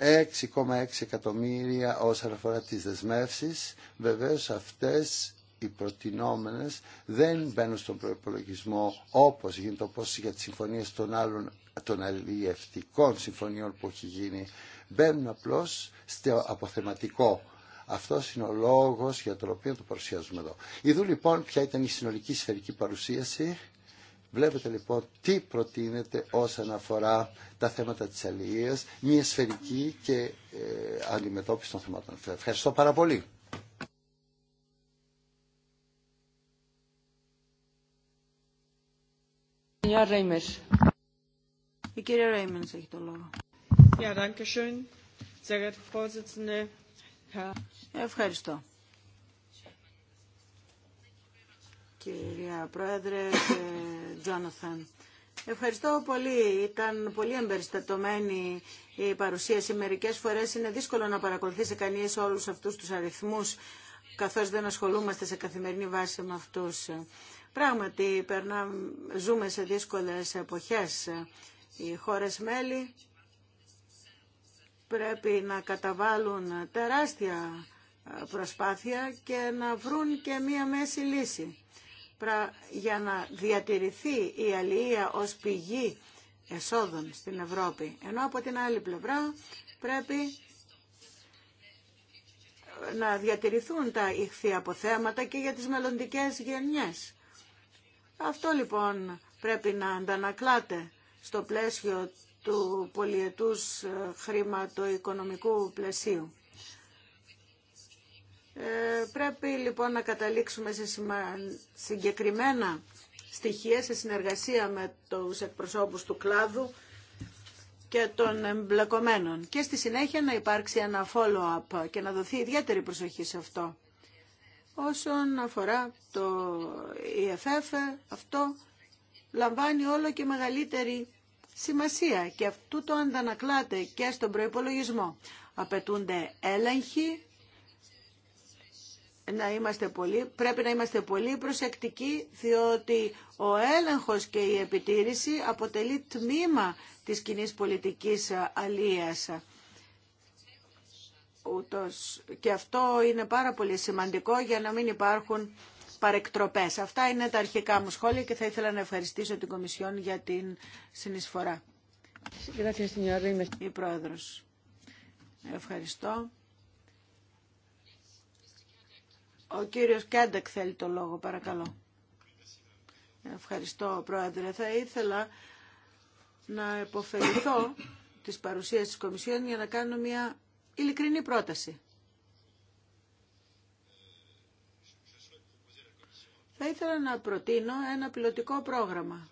6,6 εκατομμύρια όσον αφορά τις δεσμεύσεις. Βεβαίως αυτές οι προτινόμενες δεν μπαίνουν στον προπολογισμό όπως γίνεται όπως για τις συμφωνίες των άλλων των αλληλευτικών συμφωνιών που έχει γίνει. Μπαίνουν απλώς στο αποθεματικό. Αυτό είναι ο λόγος για τον οποίο το παρουσιάζουμε εδώ. Είδου λοιπόν ποια ήταν η συνολική σφαιρική παρουσίαση Βλέπετε λοιπόν τι προτείνεται όσον αφορά τα θέματα της αλληλείας, μια σφαιρική και ε, αντιμετώπιση των θεμάτων. Ευχαριστώ πάρα πολύ. Η κυρία έχει το λόγο. Ευχαριστώ. κυρία Πρόεδρε ε, Τζόναθαν. Ευχαριστώ πολύ. Ήταν πολύ εμπεριστατωμένη η παρουσίαση. Μερικές φορές είναι δύσκολο να παρακολουθήσει κανείς όλους αυτούς τους αριθμούς, καθώς δεν ασχολούμαστε σε καθημερινή βάση με αυτούς. Πράγματι, περνά, ζούμε σε δύσκολες εποχές. Οι χώρες μέλη πρέπει να καταβάλουν τεράστια ε, προσπάθεια και να βρουν και μία μέση λύση για να διατηρηθεί η αλληλεία ως πηγή εσόδων στην Ευρώπη. Ενώ από την άλλη πλευρά πρέπει να διατηρηθούν τα ηχθή αποθέματα και για τις μελλοντικές γενιές. Αυτό λοιπόν πρέπει να αντανακλάται στο πλαίσιο του πολιετούς ε, χρηματοοικονομικού πλαισίου. Ε, πρέπει λοιπόν να καταλήξουμε σε συγκεκριμένα στοιχεία σε συνεργασία με τους εκπροσώπους του κλάδου και των εμπλεκομένων. Και στη συνέχεια να υπάρξει ένα follow-up και να δοθεί ιδιαίτερη προσοχή σε αυτό. Όσον αφορά το EFF, αυτό λαμβάνει όλο και μεγαλύτερη σημασία και αυτού το αντανακλάται και στον προϋπολογισμό. Απαιτούνται έλεγχοι να είμαστε πρέπει να είμαστε πολύ προσεκτικοί διότι ο έλεγχος και η επιτήρηση αποτελεί τμήμα της κοινή πολιτικής αλίας. Ούτως. Και αυτό είναι πάρα πολύ σημαντικό για να μην υπάρχουν παρεκτροπές. Αυτά είναι τα αρχικά μου σχόλια και θα ήθελα να ευχαριστήσω την Κομισιόν για την συνεισφορά. Η Πρόεδρος. Ευχαριστώ. Ο κύριος Κέντεκ θέλει το λόγο, παρακαλώ. Ευχαριστώ, Πρόεδρε. Θα ήθελα να υποφεληθώ της παρουσίας της Κομισιόν για να κάνω μια ειλικρινή πρόταση. Θα ήθελα να προτείνω ένα πιλωτικό πρόγραμμα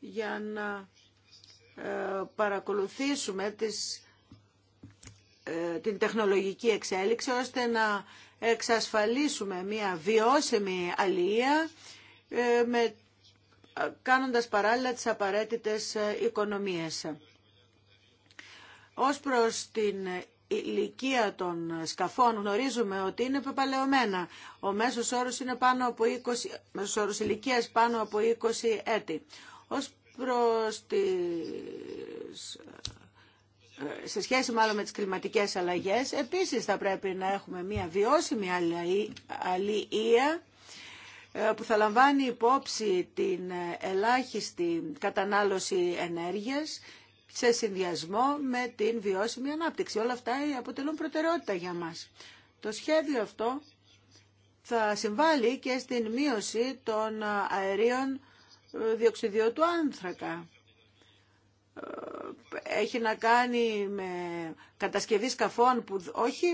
για να ε, παρακολουθήσουμε τις την τεχνολογική εξέλιξη ώστε να εξασφαλίσουμε μια βιώσιμη αλληλεία ε, με, κάνοντας παράλληλα τις απαραίτητες ε, οικονομίες. Ως προς την ηλικία των σκαφών γνωρίζουμε ότι είναι πεπαλαιωμένα. Ο μέσος όρος, είναι πάνω από 20, μέσος όρος ηλικίας πάνω από 20 έτη. Ως προς τις σε σχέση μάλλον με τις κλιματικές αλλαγές, επίσης θα πρέπει να έχουμε μια βιώσιμη αλληλεία ε, που θα λαμβάνει υπόψη την ε, ελάχιστη κατανάλωση ενέργειας σε συνδυασμό με την βιώσιμη ανάπτυξη. Όλα αυτά αποτελούν προτεραιότητα για μας. Το σχέδιο αυτό θα συμβάλλει και στην μείωση των ε, αερίων διοξιδιού του άνθρακα. Ε, έχει να κάνει με κατασκευή σκαφών που όχι,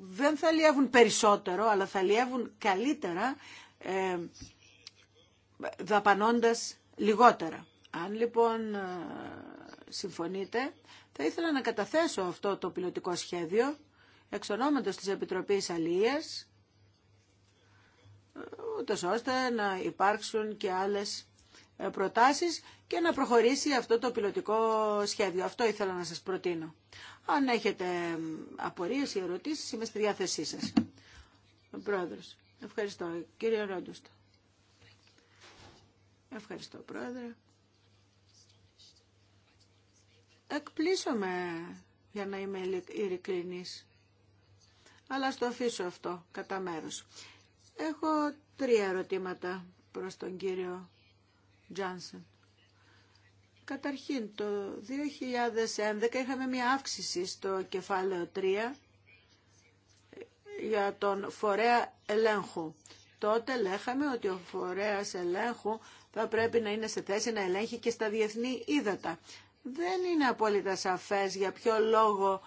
δεν θα λιεύουν περισσότερο, αλλά θα λιεύουν καλύτερα ε, δαπανώντας λιγότερα. Αν λοιπόν ε, συμφωνείτε, θα ήθελα να καταθέσω αυτό το πιλωτικό σχέδιο εξ ονόματος της Επιτροπής Αλίας, ε, ούτως ώστε να υπάρξουν και άλλες προτάσεις και να προχωρήσει αυτό το πιλωτικό σχέδιο. Αυτό ήθελα να σας προτείνω. Αν έχετε απορίες ή ερωτήσεις, είμαι στη διάθεσή σας. Ο Πρόεδρος. Ευχαριστώ. Κύριε Ρόντουστο. Ευχαριστώ, Πρόεδρε. Εκπλήσωμαι, για να είμαι ειρικρινής, Αλλά στο αφήσω αυτό, κατά μέρος. Έχω τρία ερωτήματα προς τον κύριο Τζάνσεν. Καταρχήν, το 2011 είχαμε μια αύξηση στο κεφάλαιο 3 για τον φορέα ελέγχου. Τότε λέγαμε ότι ο φορέας ελέγχου θα πρέπει να είναι σε θέση να ελέγχει και στα διεθνή ύδατα. Δεν είναι απόλυτα σαφές για ποιο λόγο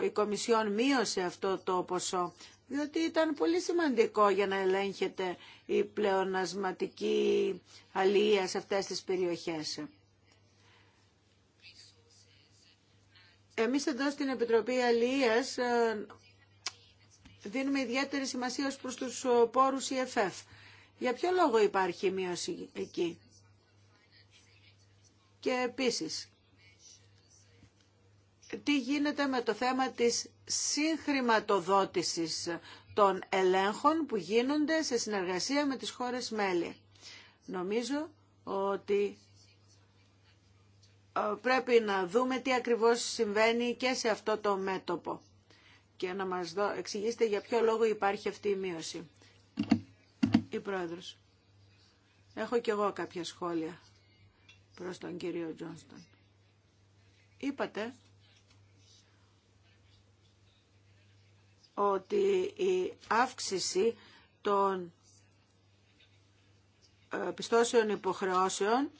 ε, η Κομισιόν μείωσε αυτό το ποσό, διότι ήταν πολύ σημαντικό για να ελέγχεται η πλεονασματική αλληλεία σε αυτές τις περιοχές. Εμείς εδώ στην Επιτροπή Αλίας ε, δίνουμε ιδιαίτερη σημασία ως προς τους ε, πόρους EFF. Για ποιο λόγο υπάρχει μείωση εκεί. Και επίσης, τι γίνεται με το θέμα της συγχρηματοδότησης των ελέγχων που γίνονται σε συνεργασία με τις χώρες μέλη. Νομίζω ότι ε, πρέπει να δούμε τι ακριβώς συμβαίνει και σε αυτό το μέτωπο και να μας δω, εξηγήσετε για ποιο λόγο υπάρχει αυτή η μείωση. Η Πρόεδρος. Έχω κι εγώ κάποια σχόλια προς τον κύριο Τζόνστον. Είπατε ότι η αύξηση των ε, πιστώσεων υποχρεώσεων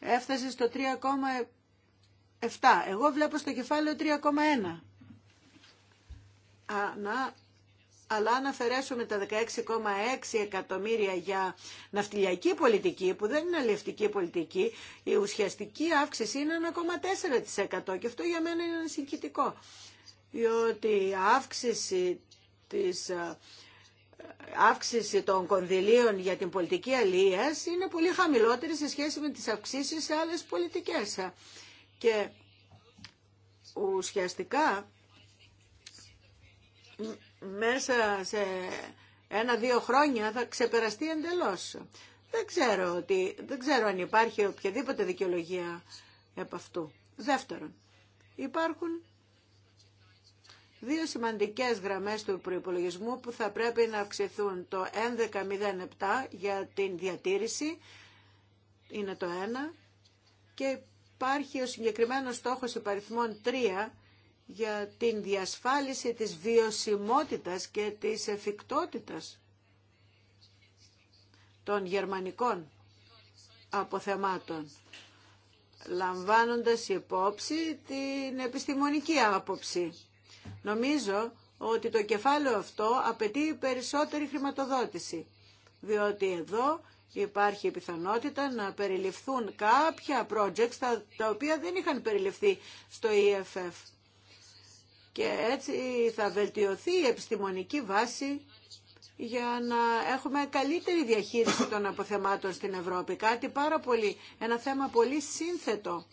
έφτασε στο 3,7. Εγώ βλέπω στο κεφάλαιο 3,1. αλλά αν αφαιρέσουμε τα 16,6 εκατομμύρια για ναυτιλιακή πολιτική, που δεν είναι αλληλευτική πολιτική, η ουσιαστική αύξηση είναι 1,4% και αυτό για μένα είναι συγκητικό. Διότι η αύξηση της ε, αύξηση των κονδυλίων για την πολιτική αλίας είναι πολύ χαμηλότερη σε σχέση με τις αυξήσεις σε άλλες πολιτικές. Και ουσιαστικά μέσα σε ένα-δύο χρόνια θα ξεπεραστεί εντελώς. Δεν ξέρω, ότι, δεν ξέρω αν υπάρχει οποιαδήποτε δικαιολογία επ' αυτού. Δεύτερον, υπάρχουν δύο σημαντικές γραμμές του προϋπολογισμού που θα πρέπει να αυξηθούν το 1107 για την διατήρηση, είναι το 1 και υπάρχει ο συγκεκριμένος στόχος υπαριθμών 3 για την διασφάλιση της βιωσιμότητας και της εφικτότητας των γερμανικών αποθεμάτων λαμβάνοντας υπόψη την επιστημονική άποψη Νομίζω ότι το κεφάλαιο αυτό απαιτεί περισσότερη χρηματοδότηση, διότι εδώ υπάρχει η πιθανότητα να περιληφθούν κάποια projects τα οποία δεν είχαν περιληφθεί στο EFF. Και έτσι θα βελτιωθεί η επιστημονική βάση για να έχουμε καλύτερη διαχείριση των αποθεμάτων στην Ευρώπη. Κάτι πάρα πολύ, ένα θέμα πολύ σύνθετο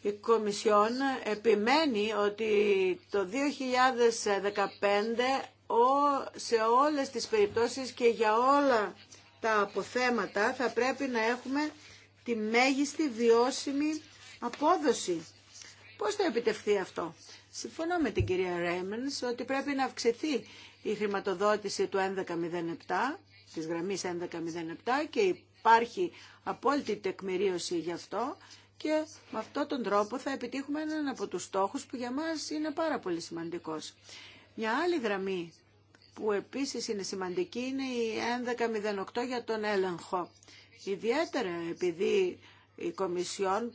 η Κομισιόν επιμένει ότι το 2015 σε όλες τις περιπτώσεις και για όλα τα αποθέματα θα πρέπει να έχουμε τη μέγιστη βιώσιμη απόδοση. Πώς θα επιτευχθεί αυτό. Συμφωνώ με την κυρία Ρέιμενς ότι πρέπει να αυξηθεί η χρηματοδότηση του 1107, της γραμμής 1107 και υπάρχει απόλυτη τεκμηρίωση γι' αυτό και με αυτόν τον τρόπο θα επιτύχουμε έναν από τους στόχους που για μας είναι πάρα πολύ σημαντικός. Μια άλλη γραμμή που επίσης είναι σημαντική είναι η 1108 για τον έλεγχο. Ιδιαίτερα επειδή η Κομισιόν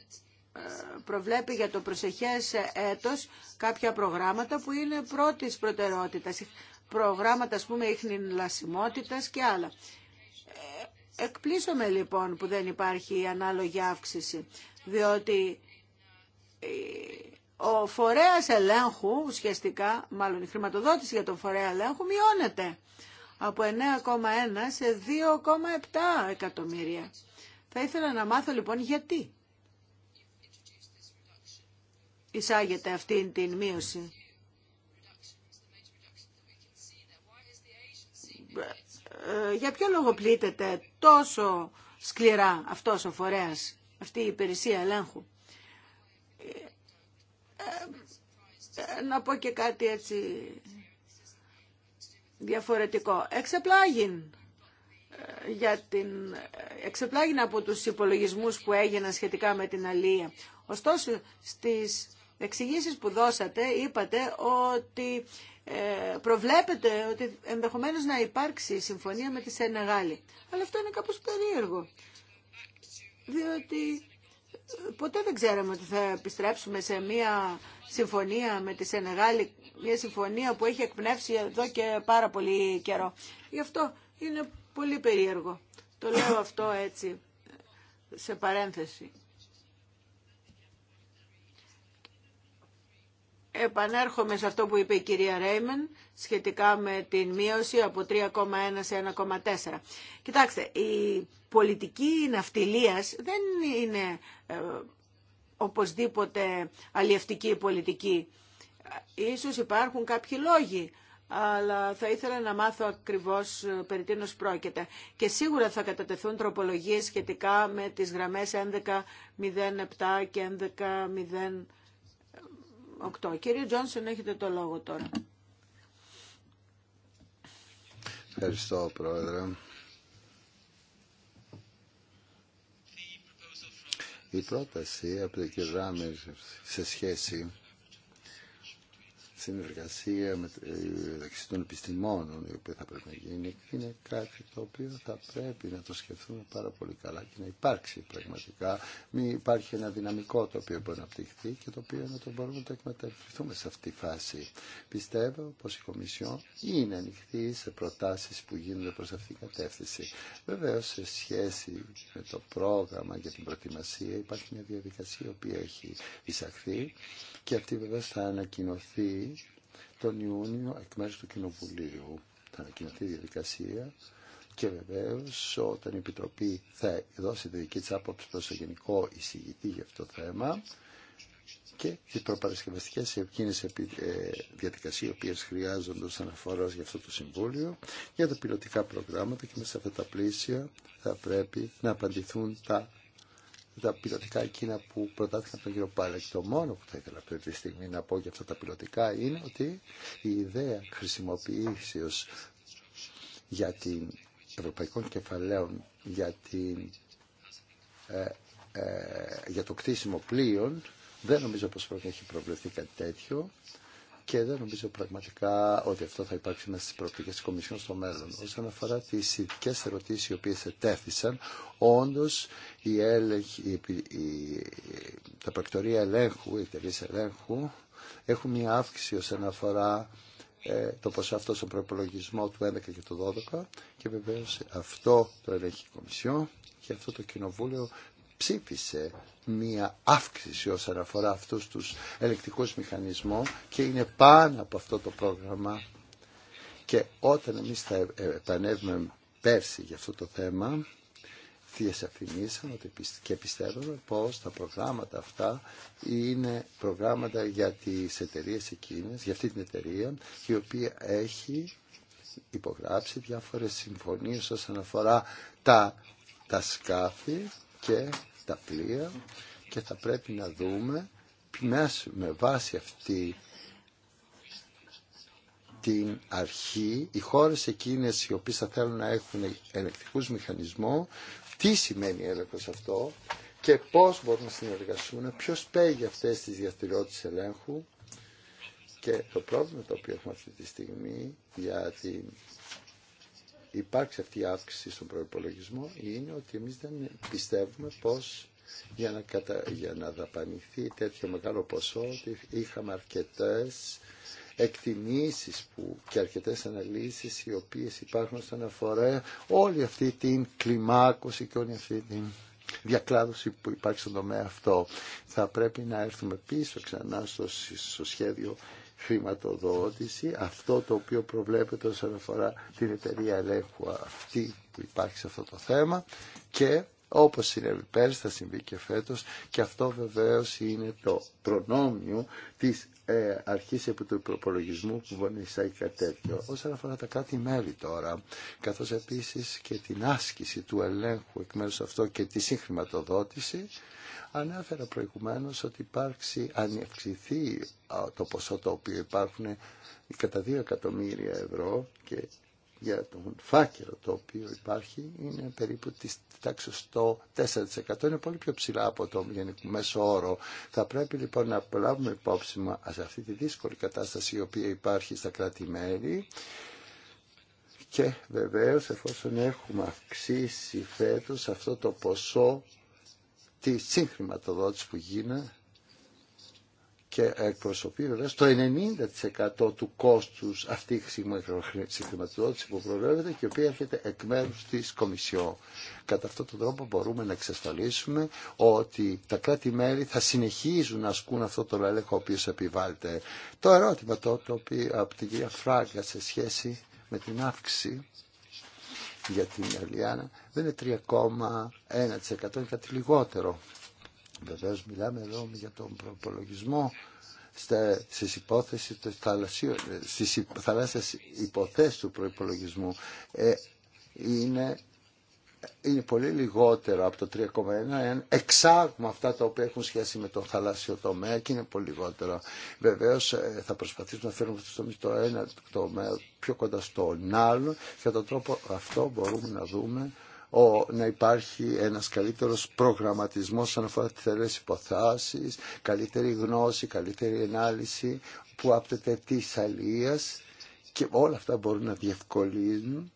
ε, προβλέπει για το προσεχές έτος κάποια προγράμματα που είναι πρώτης προτεραιότητας, προγράμματα ας πούμε λασιμότητας και άλλα. Ε, Εκπλήσωμε λοιπόν που δεν υπάρχει ανάλογη αύξηση διότι ε, ο φορέας ελέγχου ουσιαστικά, μάλλον η χρηματοδότηση για τον φορέα ελέγχου μειώνεται από 9,1 σε 2,7 εκατομμύρια. Θα ήθελα να μάθω λοιπόν γιατί εισάγεται αυτή την μείωση. Ε, ε, για ποιο λόγο πλήττεται τόσο σκληρά αυτός ο φορέας αυτή η υπηρεσία ελέγχου. Ε, ε, να πω και κάτι έτσι διαφορετικό. Εξεπλάγην ε, για την εξεπλάγει από τους υπολογισμούς που έγιναν σχετικά με την αλία. Ωστόσο, στις εξηγήσεις που δώσατε είπατε ότι προβλέπετε ότι ενδεχομένως να υπάρξει συμφωνία με τη Σενεγάλη. Αλλά αυτό είναι κάπως περίεργο διότι ε, ποτέ δεν ξέραμε ότι θα επιστρέψουμε σε μια συμφωνία με τη Σενεγάλη, μια συμφωνία που έχει εκπνεύσει εδώ και πάρα πολύ καιρό. Γι' αυτό είναι πολύ περίεργο. Το λέω αυτό έτσι, σε παρένθεση. Επανέρχομαι σε αυτό που είπε η κυρία Ρέιμεν σχετικά με την μείωση από 3,1 σε 1,4. Κοιτάξτε, η πολιτική ναυτιλίας δεν είναι ε, οπωσδήποτε αλλιευτική πολιτική. Ίσως υπάρχουν κάποιοι λόγοι, αλλά θα ήθελα να μάθω ακριβώς ε, περί τίνος πρόκειται. Και σίγουρα θα κατατεθούν τροπολογίες σχετικά με τις γραμμές 11.07 και 11.08. 8. Κύριε Τζόνσον, έχετε το λόγο τώρα. Ευχαριστώ, Πρόεδρε. Η πρόταση από την κυρία σε σχέση συνεργασία μεταξύ των επιστημόνων η οποία θα πρέπει να γίνει είναι κάτι το οποίο θα πρέπει να το σκεφτούμε πάρα πολύ καλά και να υπάρξει πραγματικά μην υπάρχει ένα δυναμικό το οποίο μπορεί να πτυχθεί και το οποίο να το μπορούμε να το εκμεταλλευτούμε σε αυτή τη φάση. Πιστεύω πως η Κομισιόν είναι ανοιχτή σε προτάσεις που γίνονται προς αυτήν την κατεύθυνση. Βεβαίω σε σχέση με το πρόγραμμα για την προετοιμασία υπάρχει μια διαδικασία η οποία έχει εισαχθεί και αυτή βεβαίω θα ανακοινωθεί τον Ιούνιο εκ μέρους του Κοινοβουλίου. Θα ανακοινωθεί η διαδικασία και βεβαίω όταν η Επιτροπή θα δώσει τη δική τη άποψη προ το Γενικό Εισηγητή για αυτό το θέμα και τι προπαρασκευαστικέ εκείνε διαδικασίε οι ε, οποίε χρειάζονται ω αναφορά για αυτό το Συμβούλιο για τα πιλωτικά προγράμματα και μέσα σε αυτά τα πλαίσια θα πρέπει να απαντηθούν τα τα πιλωτικά εκείνα που προτάθηκαν από τον κύριο Πάλα. Και το μόνο που θα ήθελα αυτή τη στιγμή να πω για αυτά τα πιλωτικά είναι ότι η ιδέα χρησιμοποιήσεως για την ευρωπαϊκών κεφαλαίων για, ε, ε, για το κτίσιμο πλοίων δεν νομίζω πως πρέπει να έχει προβλεφθεί κάτι τέτοιο και δεν νομίζω πραγματικά ότι αυτό θα υπάρξει μέσα στις προοπτικές της Κομισιόν στο μέλλον. Όσον αφορά τις ειδικέ ερωτήσεις οι οποίες ετέθησαν, όντως η τα πρακτορία ελέγχου, οι εταιρείε ελέγχου έχουν μια αύξηση όσον αφορά ε, το ποσό αυτό στον προπολογισμό του 11 και του 12 και βεβαίως αυτό το ελέγχει η Κομισιόν και αυτό το Κοινοβούλιο ψήφισε μία αύξηση όσον αφορά αυτούς τους ελεκτικούς μηχανισμούς και είναι πάνω από αυτό το πρόγραμμα και όταν εμείς θα επανέβουμε πέρσι για αυτό το θέμα διασαφηνίσαμε και πιστεύουμε πως τα προγράμματα αυτά είναι προγράμματα για τις εταιρείε εκείνες, για αυτή την εταιρεία η οποία έχει υπογράψει διάφορες συμφωνίες όσον αφορά τα, τα σκάφη και τα πλοία και θα πρέπει να δούμε με βάση αυτή την αρχή οι χώρες εκείνες οι οποίες θα θέλουν να έχουν ηλεκτρικούς μηχανισμό τι σημαίνει έλεγχος αυτό και πώς μπορούν να συνεργαστούν, ποιος παίγει αυτές τις διαστηριότητες ελέγχου και το πρόβλημα το οποίο έχουμε αυτή τη στιγμή για την υπάρξει αυτή η αύξηση στον προπολογισμό είναι ότι εμείς δεν πιστεύουμε πως για να, κατα... για να δαπανηθεί τέτοιο μεγάλο ποσό ότι είχαμε αρκετές εκτιμήσεις που... και αρκετές αναλύσεις οι οποίες υπάρχουν στον αφορά όλη αυτή την κλιμάκωση και όλη αυτή την διακλάδωση που υπάρχει στον τομέα αυτό. Θα πρέπει να έρθουμε πίσω ξανά στο σχέδιο χρηματοδότηση, αυτό το οποίο προβλέπεται όσον αφορά την εταιρεία ελέγχου αυτή που υπάρχει σε αυτό το θέμα και όπως συνέβη πέρσι θα συμβεί και φέτος και αυτό βεβαίως είναι το προνόμιο της ε, από το του προπολογισμού που μπορεί να εισάγει κάτι τέτοιο. Όσον αφορά τα κράτη-μέλη τώρα, καθώς επίσης και την άσκηση του ελέγχου εκ μέρους αυτό και τη συγχρηματοδότηση, ανέφερα προηγουμένως ότι υπάρξει, αν αυξηθεί το ποσό το οποίο υπάρχουν κατά 2 εκατομμύρια ευρώ και για τον φάκελο το οποίο υπάρχει είναι περίπου της τάξης στο 4%. Είναι πολύ πιο ψηλά από το μέσο όρο. Θα πρέπει λοιπόν να λάβουμε υπόψη μας σε αυτή τη δύσκολη κατάσταση η οποία υπάρχει στα κράτη-μέλη και βεβαίως εφόσον έχουμε αυξήσει φέτος αυτό το ποσό τη συγχρηματοδότηση που γίνεται και εκπροσωπεί βέβαια το 90% του κόστους αυτή η συγχρηματοδότηση που προβλέπεται και η οποία έρχεται εκ μέρους της Κομισιό. Κατά αυτόν τον τρόπο μπορούμε να εξασφαλίσουμε ότι τα κρατη μελη θα συνεχίζουν να ασκούν αυτό το έλεγχο ο οποίο επιβάλλεται. Το ερώτημα το, το οποίο από την κυρία Φράγκα σε σχέση με την αύξηση για την Ελλιάνα δεν είναι 3,1% είναι κάτι λιγότερο. Βεβαίως μιλάμε εδώ για τον προπολογισμό στι στις υπόθεσεις του θαλασσίου, του προϋπολογισμού ε, είναι, είναι πολύ λιγότερο από το 3,1 εάν εξάγουμε αυτά τα οποία έχουν σχέση με το θαλάσσιο τομέα και είναι πολύ λιγότερο. Βεβαίω, ε, θα προσπαθήσουμε να φέρουμε το ένα τομέα πιο κοντά στον άλλο και τον τρόπο αυτό μπορούμε να δούμε ο, να υπάρχει ένας καλύτερος προγραμματισμός όσον αφορά τις υποθάσεις, καλύτερη γνώση, καλύτερη ανάλυση που άπτεται της αλίας και όλα αυτά μπορούν να διευκολύνουν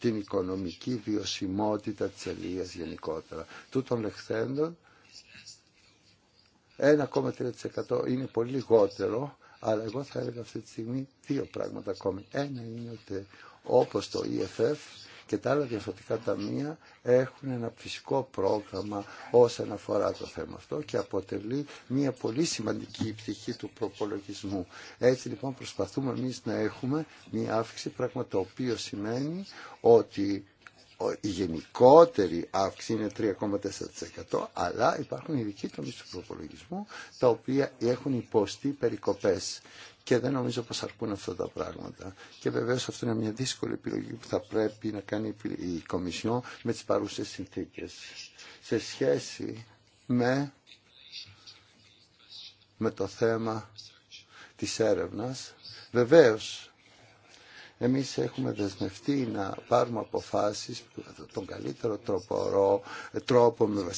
την οικονομική βιωσιμότητα της αλίας γενικότερα. Τούτων λεχθέντων 1,3% είναι πολύ λιγότερο αλλά εγώ θα έλεγα αυτή τη στιγμή δύο πράγματα ακόμη. Ένα είναι ότι όπως το EFF και τα άλλα διαφορετικά ταμεία έχουν ένα φυσικό πρόγραμμα όσον αφορά το θέμα αυτό και αποτελεί μια πολύ σημαντική πτυχή του προπολογισμού. Έτσι λοιπόν προσπαθούμε εμείς να έχουμε μια αύξηση, πράγμα το οποίο σημαίνει ότι η γενικότερη αύξηση είναι 3,4% αλλά υπάρχουν ειδικοί τομείς του προπολογισμού τα οποία έχουν υποστεί περικοπές και δεν νομίζω πως αρκούν αυτά τα πράγματα. Και βεβαίως αυτό είναι μια δύσκολη επιλογή που θα πρέπει να κάνει η Κομισιόν με τις παρούσες συνθήκες. Σε σχέση με, με το θέμα της έρευνας, βεβαίως εμείς έχουμε δεσμευτεί να πάρουμε αποφάσεις τον καλύτερο τρόπο, τρόπο με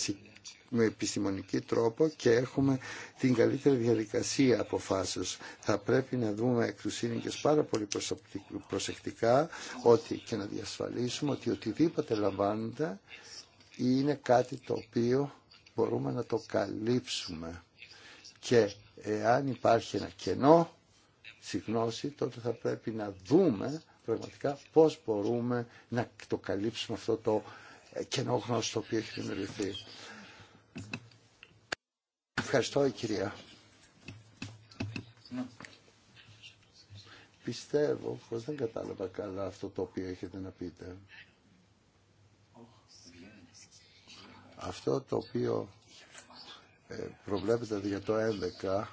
με επιστημονική τρόπο και έχουμε την καλύτερη διαδικασία αποφάσεως. Θα πρέπει να δούμε εκ του σύνοικες πάρα πολύ προσεκτικά ότι, και να διασφαλίσουμε ότι οτιδήποτε λαμβάνεται είναι κάτι το οποίο μπορούμε να το καλύψουμε. Και εάν υπάρχει ένα κενό συγνώση, τότε θα πρέπει να δούμε πραγματικά πώς μπορούμε να το καλύψουμε αυτό το κενό γνώση το οποίο έχει δημιουργηθεί. Ευχαριστώ, κυρία. Πιστεύω πως δεν κατάλαβα καλά αυτό το οποίο έχετε να πείτε. Αυτό το οποίο ε, προβλέπετε για το 11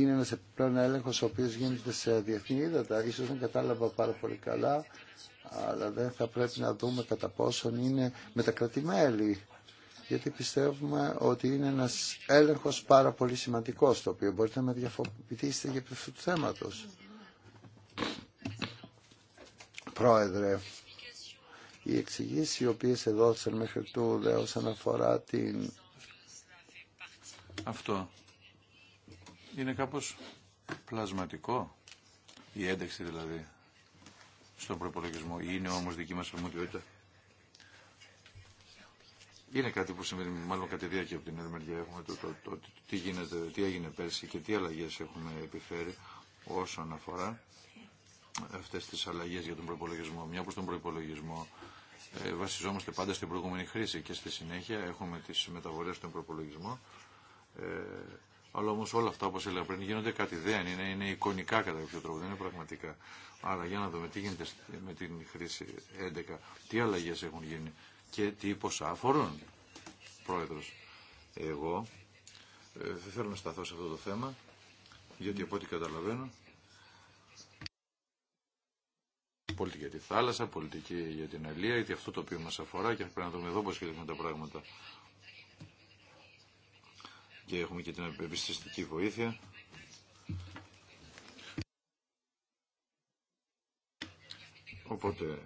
είναι ένας επιπλέον έλεγχος ο οποίος γίνεται σε διεθνή ύδατα. Ίσως δεν κατάλαβα πάρα πολύ καλά, αλλά δεν θα πρέπει να δούμε κατά πόσον είναι με τα κρατημέλη. Γιατί πιστεύουμε ότι είναι ένας έλεγχος πάρα πολύ σημαντικός, το οποίο μπορείτε να με διαφοροποιήσετε για αυτού του θέματος. Πρόεδρε, οι εξηγήσει οι οποίες εδώ μέχρι τούδε όσον αφορά την... Αυτό είναι κάπως πλασματικό η ένταξη δηλαδή στον προπολογισμό είναι όμως δική μας αρμοδιότητα. Είναι κάτι που σημαίνει, μάλλον κατά διάρκεια από την Ερμεριά Έχουμε το, το, τι, γίνεται, τι έγινε πέρσι και τι αλλαγές έχουμε επιφέρει όσον αφορά αυτές τις αλλαγές για τον προπολογισμό. Μια προς τον προπολογισμό ε, βασιζόμαστε πάντα στην προηγούμενη χρήση και στη συνέχεια έχουμε τις μεταβολές στον προπολογισμό. Ε, αλλά όμω όλα αυτά, όπω έλεγα πριν, γίνονται κάτι δεν είναι, είναι εικονικά κατά κάποιο τρόπο, δεν είναι πραγματικά. Άρα για να δούμε τι γίνεται με την χρήση 11, τι αλλαγέ έχουν γίνει και τι ποσά αφορούν. Πρόεδρο, εγώ ε, δεν θέλω να σταθώ σε αυτό το θέμα, γιατί από ό,τι καταλαβαίνω. Πολιτική για τη θάλασσα, πολιτική για την αλία, γιατί αυτό το οποίο μα αφορά και πρέπει να δούμε εδώ πώ σχετίζουμε τα πράγματα και έχουμε και την επιστηστική βοήθεια. Οπότε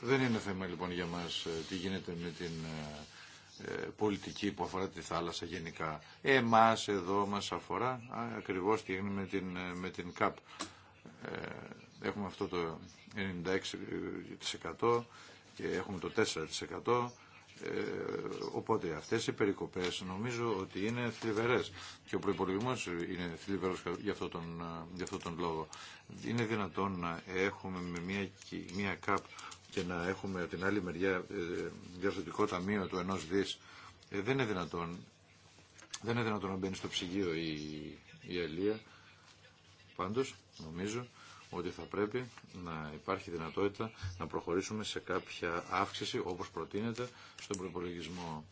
δεν είναι θέμα λοιπόν για μας ε, τι γίνεται με την ε, ε, πολιτική που αφορά τη θάλασσα γενικά. Εμάς εδώ μας αφορά ακριβώς τι έγινε με την, με την ΚΑΠ. Έχουμε αυτό το 96% και έχουμε το 4% ε, οπότε αυτές οι περικοπές νομίζω ότι είναι θλιβερές και ο προπολογισμό είναι θλιβερός για αυτόν τον, ε, αυτό τον λόγο. Είναι δυνατόν να έχουμε με μια, ΚΑΠ και να έχουμε την άλλη μεριά ε, διαρθρωτικό ταμείο του ενός δις. δεν είναι δυνατόν. Δεν είναι δυνατόν να μπαίνει στο ψυγείο η, η Αλία. Πάντως, νομίζω ότι θα πρέπει να υπάρχει δυνατότητα να προχωρήσουμε σε κάποια αύξηση όπως προτείνεται στον προπολογισμό.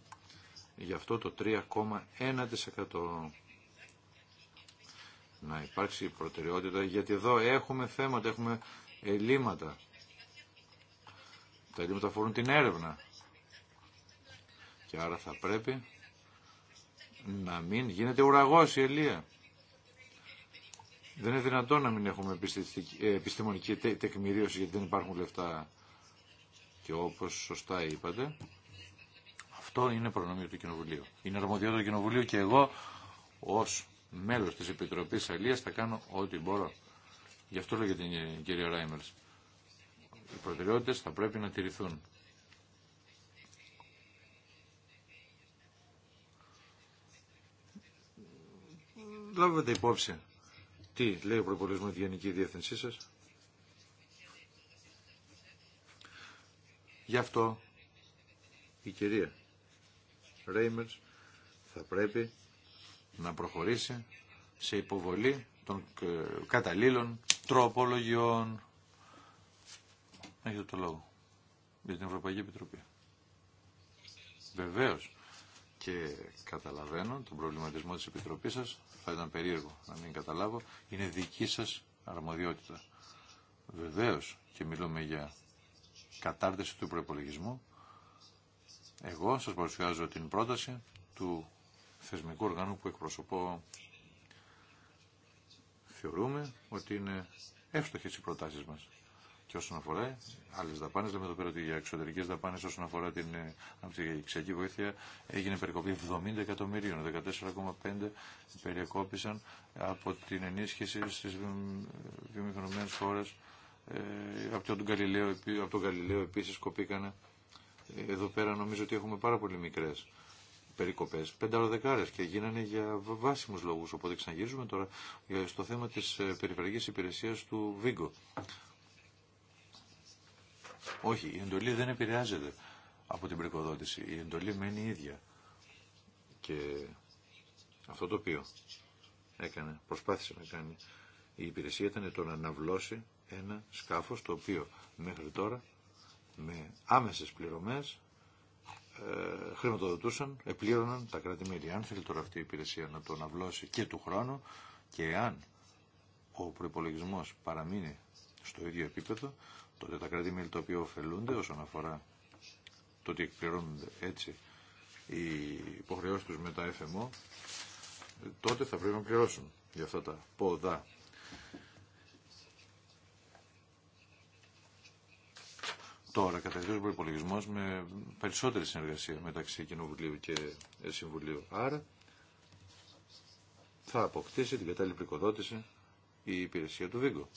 Γι' αυτό το 3,1% να υπάρξει προτεραιότητα γιατί εδώ έχουμε θέματα, έχουμε ελλείμματα. Τα ελλείμματα αφορούν την έρευνα και άρα θα πρέπει να μην γίνεται ουραγός η ελεία. Δεν είναι δυνατόν να μην έχουμε επιστημονική ε, τεκμηρίωση γιατί δεν υπάρχουν λεφτά. Και όπως σωστά είπατε, αυτό είναι προνομίο του Κοινοβουλίου. Είναι αρμοδιότητα του Κοινοβουλίου και εγώ ως μέλος της Επιτροπής Αλίας θα κάνω ό,τι μπορώ. Γι' αυτό λέγεται η την κυρία Ράιμερς. Οι προτεραιότητες θα πρέπει να τηρηθούν. Λάβετε υπόψη τι λέει ο προπολογισμό τη Γενική Διεύθυνσή σα. Γι' αυτό η κυρία Ρέιμερς θα πρέπει να προχωρήσει σε υποβολή των ε, καταλήλων τροπολογιών. Έχετε το λόγο για την Ευρωπαϊκή Επιτροπή. Βεβαίως και καταλαβαίνω τον προβληματισμό της Επιτροπής σας θα ήταν περίεργο να μην καταλάβω, είναι δική σας αρμοδιότητα. Βεβαίως και μιλούμε για κατάρτιση του προπολογισμού. Εγώ σας παρουσιάζω την πρόταση του θεσμικού οργάνου που εκπροσωπώ. Θεωρούμε ότι είναι εύστοχες οι προτάσεις μας όσον αφορά άλλε δαπάνε, λέμε εδώ πέρα ότι για εξωτερικέ δαπάνε όσον αφορά την αναπτυξιακή ε, βοήθεια έγινε περικοπή 70 εκατομμυρίων. 14,5 περικόπησαν από την ενίσχυση στι βιομηχανωμένε χώρε. Ε, από τον Γαλιλαίο, από τον κοπήκανε. Ε, εδώ πέρα νομίζω ότι έχουμε πάρα πολύ μικρές περικοπές, Πενταροδεκάρε και γίνανε για βάσιμου λόγου Οπότε ξαναγυρίζουμε τώρα στο θέμα τη περιφερειακή υπηρεσία του Βίγκο. Όχι, η εντολή δεν επηρεάζεται από την πρικοδότηση. Η εντολή μένει ίδια. Και αυτό το οποίο έκανε, προσπάθησε να κάνει η υπηρεσία ήταν το να αναβλώσει ένα σκάφος το οποίο μέχρι τώρα με άμεσες πληρωμές ε, χρηματοδοτούσαν, επλήρωναν τα κράτη-μέλη. Αν θέλει τώρα αυτή η υπηρεσία να το αναβλώσει και του χρόνου και αν ο προπολογισμό παραμείνει στο ίδιο επίπεδο, τότε τα κράτη-μέλη τα οποία ωφελούνται όσον αφορά το ότι εκπληρώνονται έτσι οι υποχρεώσει τους με τα FMO, τότε θα πρέπει να πληρώσουν για αυτά τα ποδά. Τώρα καταρχήν ο προπολογισμό με περισσότερη συνεργασία μεταξύ Κοινοβουλίου και Συμβουλίου. Άρα θα αποκτήσει την κατάλληλη πρικοδότηση η υπηρεσία του Βίγκο.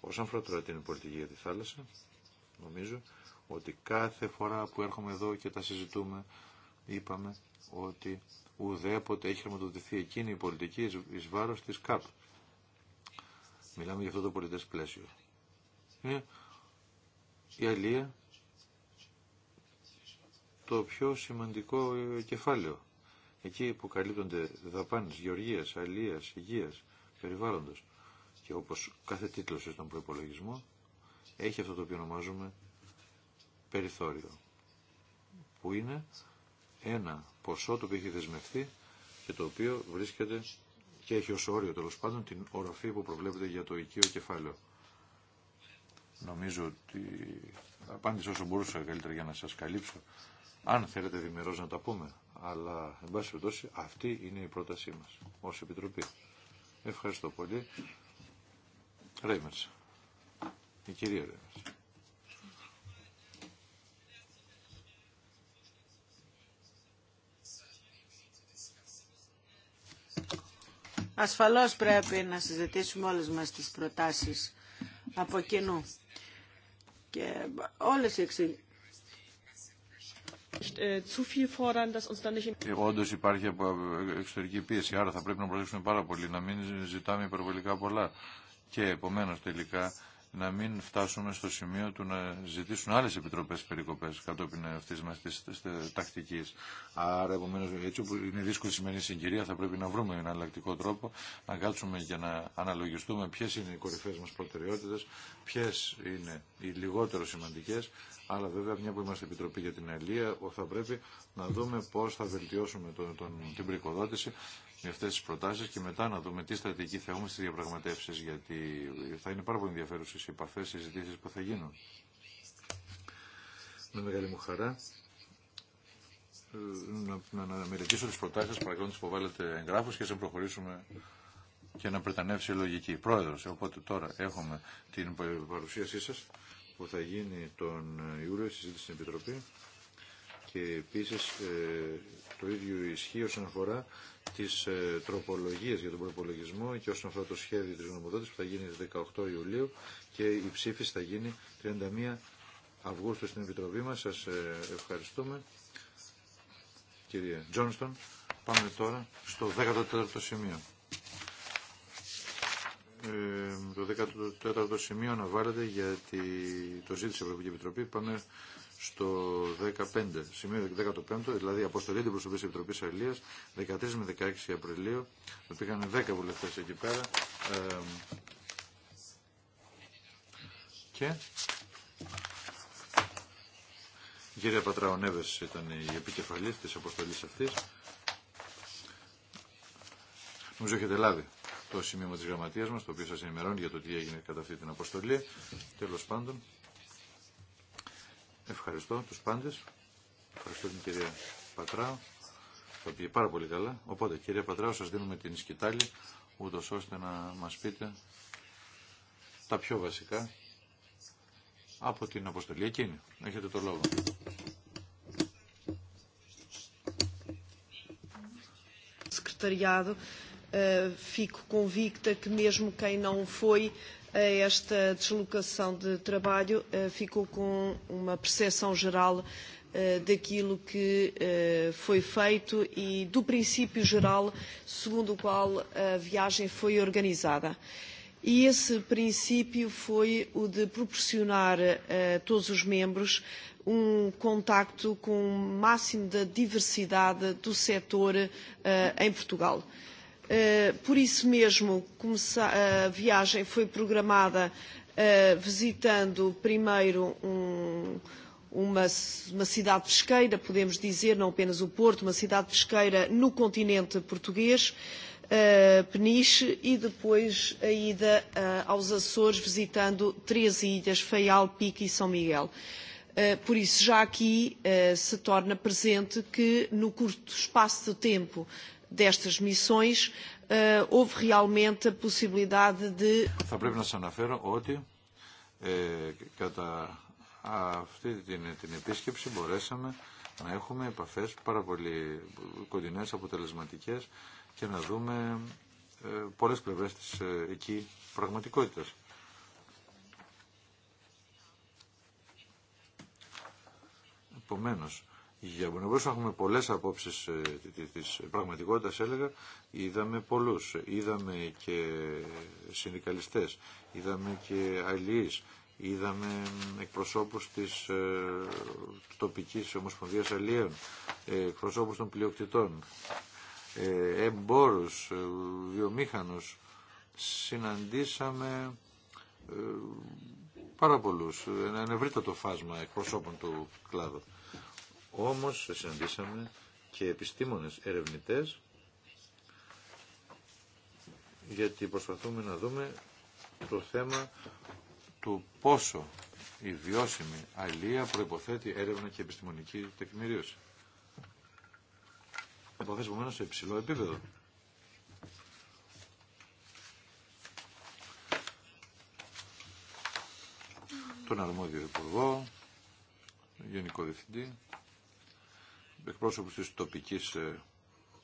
Όσον αφορά τώρα την πολιτική για τη θάλασσα, νομίζω ότι κάθε φορά που έρχομαι εδώ και τα συζητούμε, είπαμε ότι ουδέποτε έχει χρηματοδοτηθεί εκείνη η πολιτική εις βάρος της ΚΑΠ. Μιλάμε για αυτό το πολιτές πλαίσιο. Ε, η αλία το πιο σημαντικό ε, κεφάλαιο. Εκεί που καλύπτονται δαπάνες, γεωργίας, αλίας, υγείας, περιβάλλοντος και όπως κάθε τίτλος στον προπολογισμό έχει αυτό το οποίο ονομάζουμε περιθώριο που είναι ένα ποσό το οποίο έχει δεσμευτεί και το οποίο βρίσκεται και έχει ως όριο τέλο πάντων την οροφή που προβλέπεται για το οικείο κεφάλαιο. Νομίζω ότι απάντησα όσο μπορούσα καλύτερα για να σας καλύψω. Αν θέλετε διμερώς να τα πούμε, αλλά εν πάση περιπτώσει αυτή είναι η πρότασή μας ως Επιτροπή. Ευχαριστώ πολύ. Ρέιμερς. Η κυρία Ρέιμερς. Ασφαλώς πρέπει να συζητήσουμε όλες μας τις προτάσεις από κοινού. Και όλες οι εξηγήσεις Όντω υπάρχει εξωτερική πίεση, άρα θα πρέπει να προσέξουμε πάρα πολύ, να μην ζητάμε υπερβολικά πολλά και επομένως τελικά να μην φτάσουμε στο σημείο του να ζητήσουν άλλες επιτροπές περικοπές κατόπιν αυτής μας της, τακτικής. Άρα, επομένως, έτσι όπου είναι δύσκολη σημερινή συγκυρία, θα πρέπει να βρούμε έναν αλλακτικό τρόπο, να κάτσουμε και να αναλογιστούμε ποιες είναι οι κορυφές μας προτεραιότητες, ποιες είναι οι λιγότερο σημαντικές, αλλά βέβαια μια που είμαστε επιτροπή για την Ελία, θα πρέπει να δούμε πώς θα βελτιώσουμε τον, τον, την πρικοδότηση με αυτές τις προτάσεις και μετά να δούμε τι στρατηγική θα έχουμε στις διαπραγματεύσεις γιατί θα είναι πάρα πολύ ενδιαφέρουσες οι επαφέ οι συζητήσει που θα γίνουν. Με μεγάλη μου χαρά ε, να, να, να μελετήσω τις προτάσεις σα, παρακαλώ τι εγγράφους και να προχωρήσουμε και να πρετανεύσει η λογική. Πρόεδρος, οπότε τώρα έχουμε την παρουσίασή σας που θα γίνει τον Ιούλιο, συζήτηση στην Επιτροπή και επίσης ε, το ίδιο ισχύει όσον αφορά τις ε, τροπολογίες για τον προπολογισμό και όσον αφορά το σχέδιο της νομοδότησης που θα γίνει 18 Ιουλίου και η ψήφιση θα γίνει 31 Αυγούστου στην Επιτροπή μας. Σας ε, ευχαριστούμε. Κυρία Τζόνστον, πάμε τώρα στο 14ο σημείο. Ε, το 14ο σημείο αναβάλλεται γιατί το ζήτησε η Ευρωπαϊκή Επιτροπή. Πάμε στο 15, σημείο 15, δηλαδή αποστολή την προσωπή τη Επιτροπή 13 με 16 Απριλίου, που πήγαν 10 βουλευτές εκεί πέρα. και η κυρία Πατραονέβες ήταν η επικεφαλής της αποστολής αυτής Νομίζω έχετε λάβει το σημείο της γραμματείας μας το οποίο σας ενημερώνει για το τι έγινε κατά αυτή την αποστολή. Τέλο πάντων. Ευχαριστώ τους πάντες. Ευχαριστώ την κυρία Πατράου. Το πήγε πάρα πολύ καλά. Οπότε κυρία Πατράου σας δίνουμε την σκητάλη ούτω ώστε να μας πείτε τα πιο βασικά από την αποστολή εκείνη. Έχετε το λόγο. Secretariado, eh, fico convicta και mesmo quem esta deslocação de trabalho ficou com uma percepção geral daquilo que foi feito e do princípio geral segundo o qual a viagem foi organizada. E esse princípio foi o de proporcionar a todos os membros um contacto com o máximo da diversidade do setor em Portugal Por isso mesmo, a viagem foi programada visitando primeiro uma cidade pesqueira, podemos dizer, não apenas o Porto, uma cidade pesqueira no continente português, Peniche, e depois a ida aos Açores, visitando três ilhas, Faial, Pique e São Miguel. Por isso, já aqui se torna presente que, no curto espaço de tempo destas missões, eh, realmente Θα πρέπει να σας αναφέρω ότι ε, κατά αυτή την, επίσκεψη μπορέσαμε να έχουμε επαφές πάρα πολύ κοντινές, αποτελεσματικές και να δούμε ε, πολλές πλευρές της ε, εκεί πραγματικότητας. Επομένως, για να έχουμε πολλές απόψεις ε, της πραγματικότητας έλεγα, είδαμε πολλούς, είδαμε και συνδικαλιστές, είδαμε και αλληλείς, είδαμε εκπροσώπους της ε, τοπικής ομοσπονδίας αλληλείων, ε, εκπροσώπους των πλειοκτητών, εμπόρους, βιομήχανους, συναντήσαμε πάρα πολλούς, ένα ευρύτατο φάσμα εκπροσώπων του κλάδου. Όμως συναντήσαμε και επιστήμονες ερευνητές γιατί προσπαθούμε να δούμε το θέμα του πόσο η βιώσιμη αλληλεία προϋποθέτει έρευνα και επιστημονική τεκμηρίωση. Επαφές επομένως σε υψηλό επίπεδο. Τον αρμόδιο υπουργό, γενικό διευθυντή εκπρόσωπους της τοπικής ε,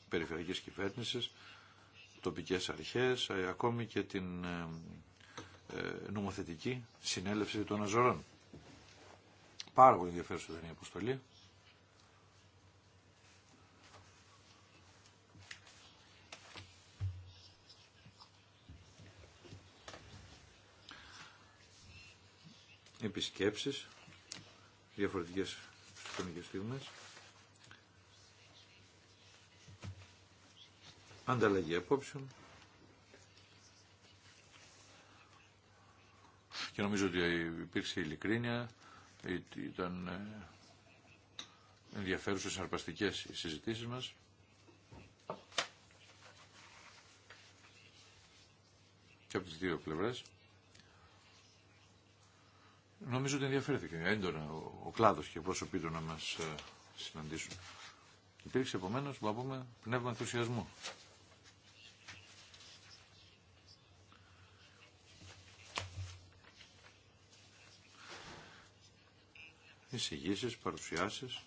περιφερειακής κυβέρνησης, τοπικές αρχές, ε, ακόμη και την ε, νομοθετική συνέλευση των Αζωρών. Πάρα πολύ ενδιαφέρουσα ήταν η αποστολή. επισκέψεις, διαφορετικές χρονικές στιγμές. ανταλλαγή απόψεων. Και νομίζω ότι υπήρξε ειλικρίνεια, ήταν ε, ενδιαφέρουσες αρπαστικέ οι συζητήσεις μας. Και από τι δύο πλευρές. Νομίζω ότι ενδιαφέρθηκε έντονα ο, ο κλάδος και οι πρόσωποι του να μας ε, συναντήσουν. Υπήρξε επομένως, μπορούμε, πνεύμα ενθουσιασμού. εισηγήσει, παρουσιάσεις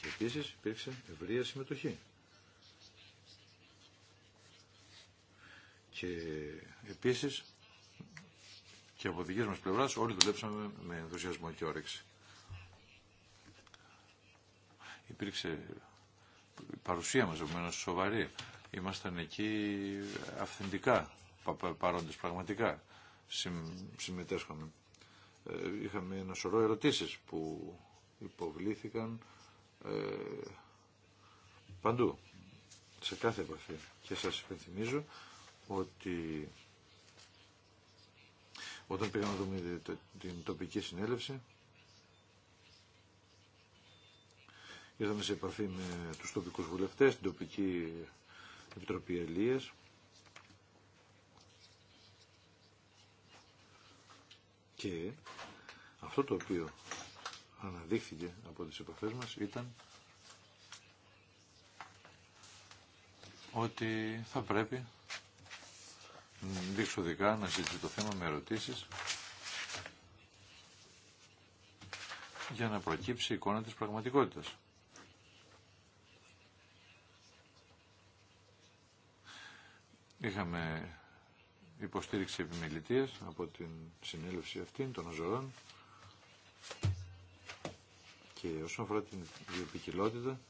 και επίση υπήρξε ευρεία συμμετοχή. Και επίση, και από δική μας πλευράς όλοι δουλέψαμε με ενθουσιασμό και όρεξη. Υπήρξε η παρουσία μας επομένως σοβαρή. Ήμασταν εκεί αυθεντικά παρόντες πραγματικά συμμετέσχαμε. Ε, είχαμε ένα σωρό ερωτήσεις που υποβλήθηκαν ε, παντού, σε κάθε επαφή. Και σας υπενθυμίζω ότι όταν πήγαμε να δούμε την τοπική συνέλευση, ήρθαμε σε επαφή με τους τοπικούς βουλευτές, την τοπική επιτροπή Ελίας, Και αυτό το οποίο αναδείχθηκε από τις επαφές μας ήταν ότι θα πρέπει διεξοδικά να συζητήσει το θέμα με ερωτήσεις για να προκύψει η εικόνα της πραγματικότητας. Είχαμε υποστήριξη επιμελητίας από την συνέλευση αυτή των Αζωρών και όσον αφορά την βιοπικιλότητα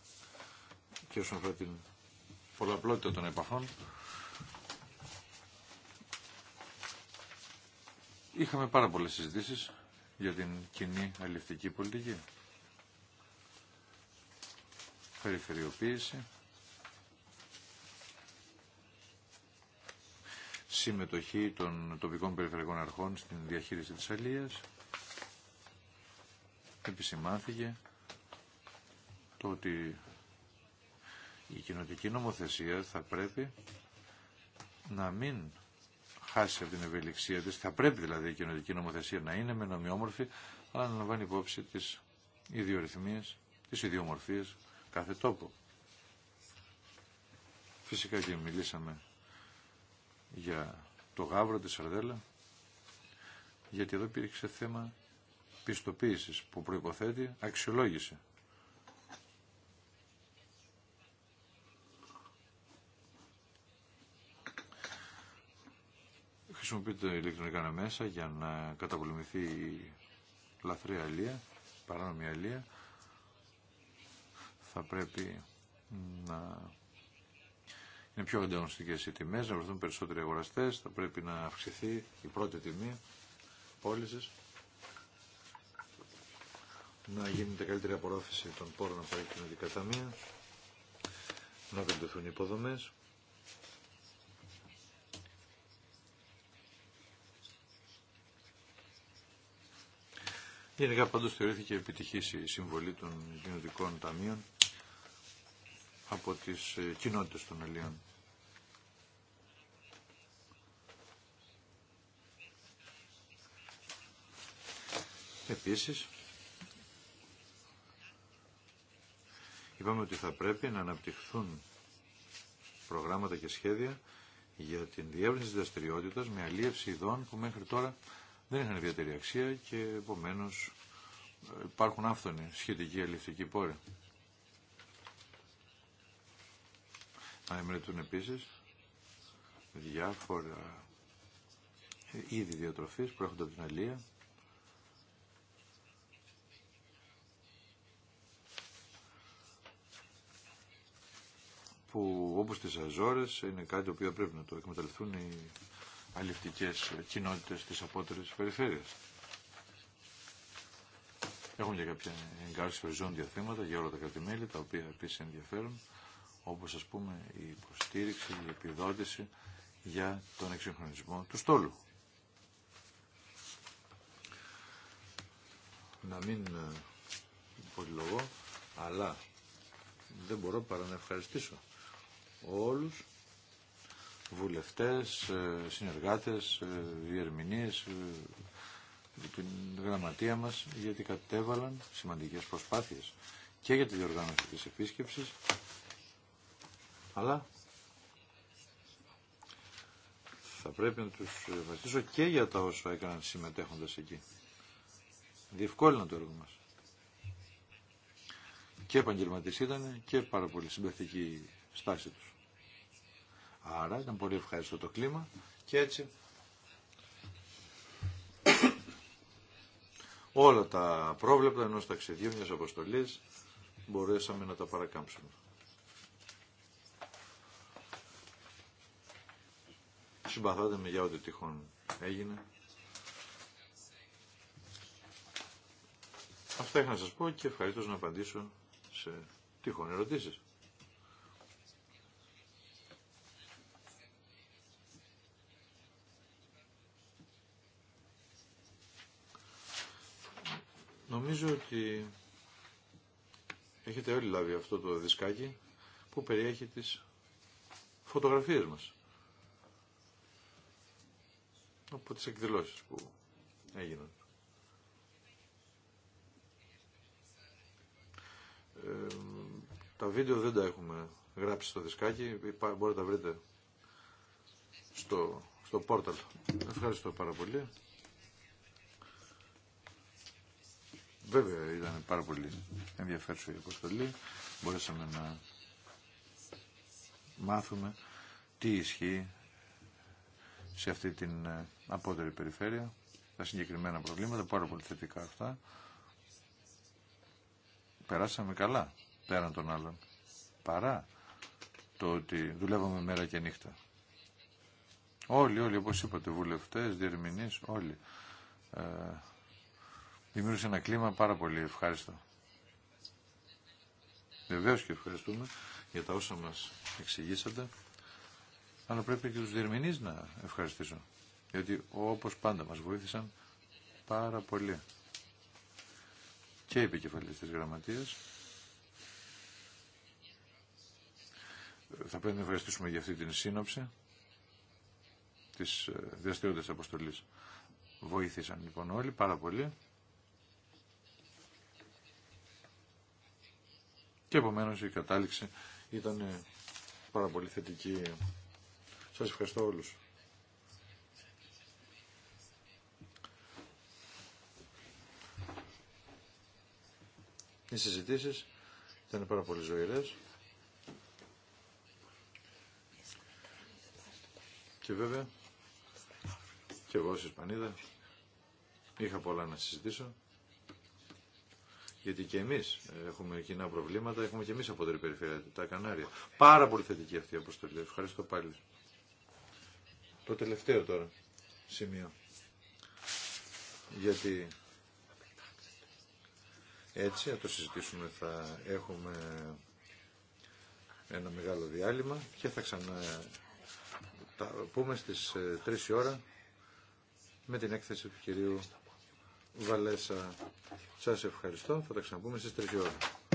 και όσον αφορά την πολλαπλότητα των επαφών είχαμε πάρα πολλές συζητήσεις για την κοινή αλληλευτική πολιτική περιφερειοποίηση συμμετοχή των τοπικών περιφερειακών αρχών στην διαχείριση της αλίας. Επισημάθηκε το ότι η κοινοτική νομοθεσία θα πρέπει να μην χάσει από την ευελιξία της. Θα πρέπει δηλαδή η κοινοτική νομοθεσία να είναι με νομιόμορφη, αλλά να λαμβάνει υπόψη τις ιδιορυθμίες, τις ιδιομορφίες κάθε τόπο. Φυσικά και μιλήσαμε για το γάβρο τη Σαρδέλα, γιατί εδώ υπήρξε θέμα πιστοποίησης που προϋποθέτει αξιολόγηση. Χρησιμοποιείται ηλεκτρονικά μέσα για να καταπολεμηθεί η λαθρέα αλία, παράνομη αλία. Θα πρέπει να είναι πιο ανταγωνιστικέ οι τιμέ, να βρεθούν περισσότεροι αγοραστέ, θα πρέπει να αυξηθεί η πρώτη τιμή πώληση, να γίνεται καλύτερη απορρόφηση των πόρων από την κοινωνικά ταμεία, να βελτιωθούν οι υποδομέ. Γενικά πάντως θεωρήθηκε επιτυχής η συμβολή των κοινωνικών ταμείων από τις ε, κοινότητες των αλλιών. Επίσης, είπαμε ότι θα πρέπει να αναπτυχθούν προγράμματα και σχέδια για την διεύρυνση δραστηριότητα με αλίευση ειδών που μέχρι τώρα δεν είχαν ιδιαίτερη αξία και επομένως ε, υπάρχουν άφθονοι σχετικοί αλληλευτικοί πόροι. να επίση επίσης διάφορα είδη διατροφής που έρχονται από την Αλία. που όπως τις Αζόρες είναι κάτι το οποίο πρέπει να το εκμεταλλευτούν οι αληφτικές κοινότητες της απότερης περιφέρειας. Έχουμε και κάποια εγκάρσια οριζόντια θέματα για όλα τα κρατημέλη, τα οποία επίσης ενδιαφέρουν όπως ας πούμε η υποστήριξη, η επιδότηση για τον εξυγχρονισμό του στόλου. Να μην ε, πολυλογώ, αλλά δεν μπορώ παρά να ευχαριστήσω όλους βουλευτές, ε, συνεργάτες, ε, διερμηνείς, την γραμματεία μας, γιατί κατέβαλαν σημαντικές προσπάθειες και για τη διοργάνωση της επίσκεψης αλλά θα πρέπει να τους ευχαριστήσω και για τα όσα έκαναν συμμετέχοντας εκεί. Διευκόλυνα το έργο μας. Και επαγγελματίες ήταν και πάρα πολύ συμπαθητική στάση τους. Άρα ήταν πολύ ευχαριστώ το κλίμα και έτσι όλα τα πρόβλεπτα ενός ταξιδιού μιας αποστολής μπορέσαμε να τα παρακάμψουμε. συμπαθάτε με για ό,τι τυχόν έγινε. Αυτά είχα να σας πω και ευχαριστώ να απαντήσω σε τυχόν ερωτήσεις. Νομίζω ότι έχετε όλοι λάβει αυτό το δισκάκι που περιέχει τις φωτογραφίες μας από τις εκδηλώσεις που έγιναν. Ε, τα βίντεο δεν τα έχουμε γράψει στο δισκάκι, μπορείτε να τα βρείτε στο, στο πόρταλ. Ευχαριστώ πάρα πολύ. Βέβαια ήταν πάρα πολύ ενδιαφέρουσα η αποστολή. Μπορέσαμε να μάθουμε τι ισχύει σε αυτή την ε, απότερη περιφέρεια, τα συγκεκριμένα προβλήματα, πάρα πολύ θετικά αυτά. Περάσαμε καλά πέραν των άλλων, παρά το ότι δουλεύαμε μέρα και νύχτα. Όλοι, όλοι, όπως είπατε, βουλευτές, διερμηνείς, όλοι. Ε, δημιούργησε ένα κλίμα πάρα πολύ ευχάριστο. Βεβαίως και ευχαριστούμε για τα όσα μας εξηγήσατε αλλά πρέπει και τους διερμηνείς να ευχαριστήσω. Γιατί όπως πάντα μας βοήθησαν πάρα πολύ. Και οι επικεφαλής της γραμματείας. Θα πρέπει να ευχαριστήσουμε για αυτή την σύνοψη της ε, δραστηριότητας αποστολής. Βοήθησαν λοιπόν όλοι πάρα πολύ. Και επομένως η κατάληξη ήταν πάρα πολύ θετική. Σας ευχαριστώ όλους. Οι συζητήσεις ήταν πάρα πολύ ζωηρές. Και βέβαια, και εγώ ως Ισπανίδα, είχα πολλά να συζητήσω. Γιατί και εμεί έχουμε κοινά προβλήματα, έχουμε και εμεί από την περιφέρεια, τα Κανάρια. Πάρα πολύ θετική αυτή η αποστολή. Ευχαριστώ πάλι. Το τελευταίο τώρα σημείο. Γιατί έτσι, αν το συζητήσουμε, θα έχουμε ένα μεγάλο διάλειμμα και θα ξαναπούμε τα πούμε στις 3 ε, η ώρα με την έκθεση του κυρίου Βαλέσα. Σας ευχαριστώ. Θα τα ξαναπούμε στις 3 η ώρα.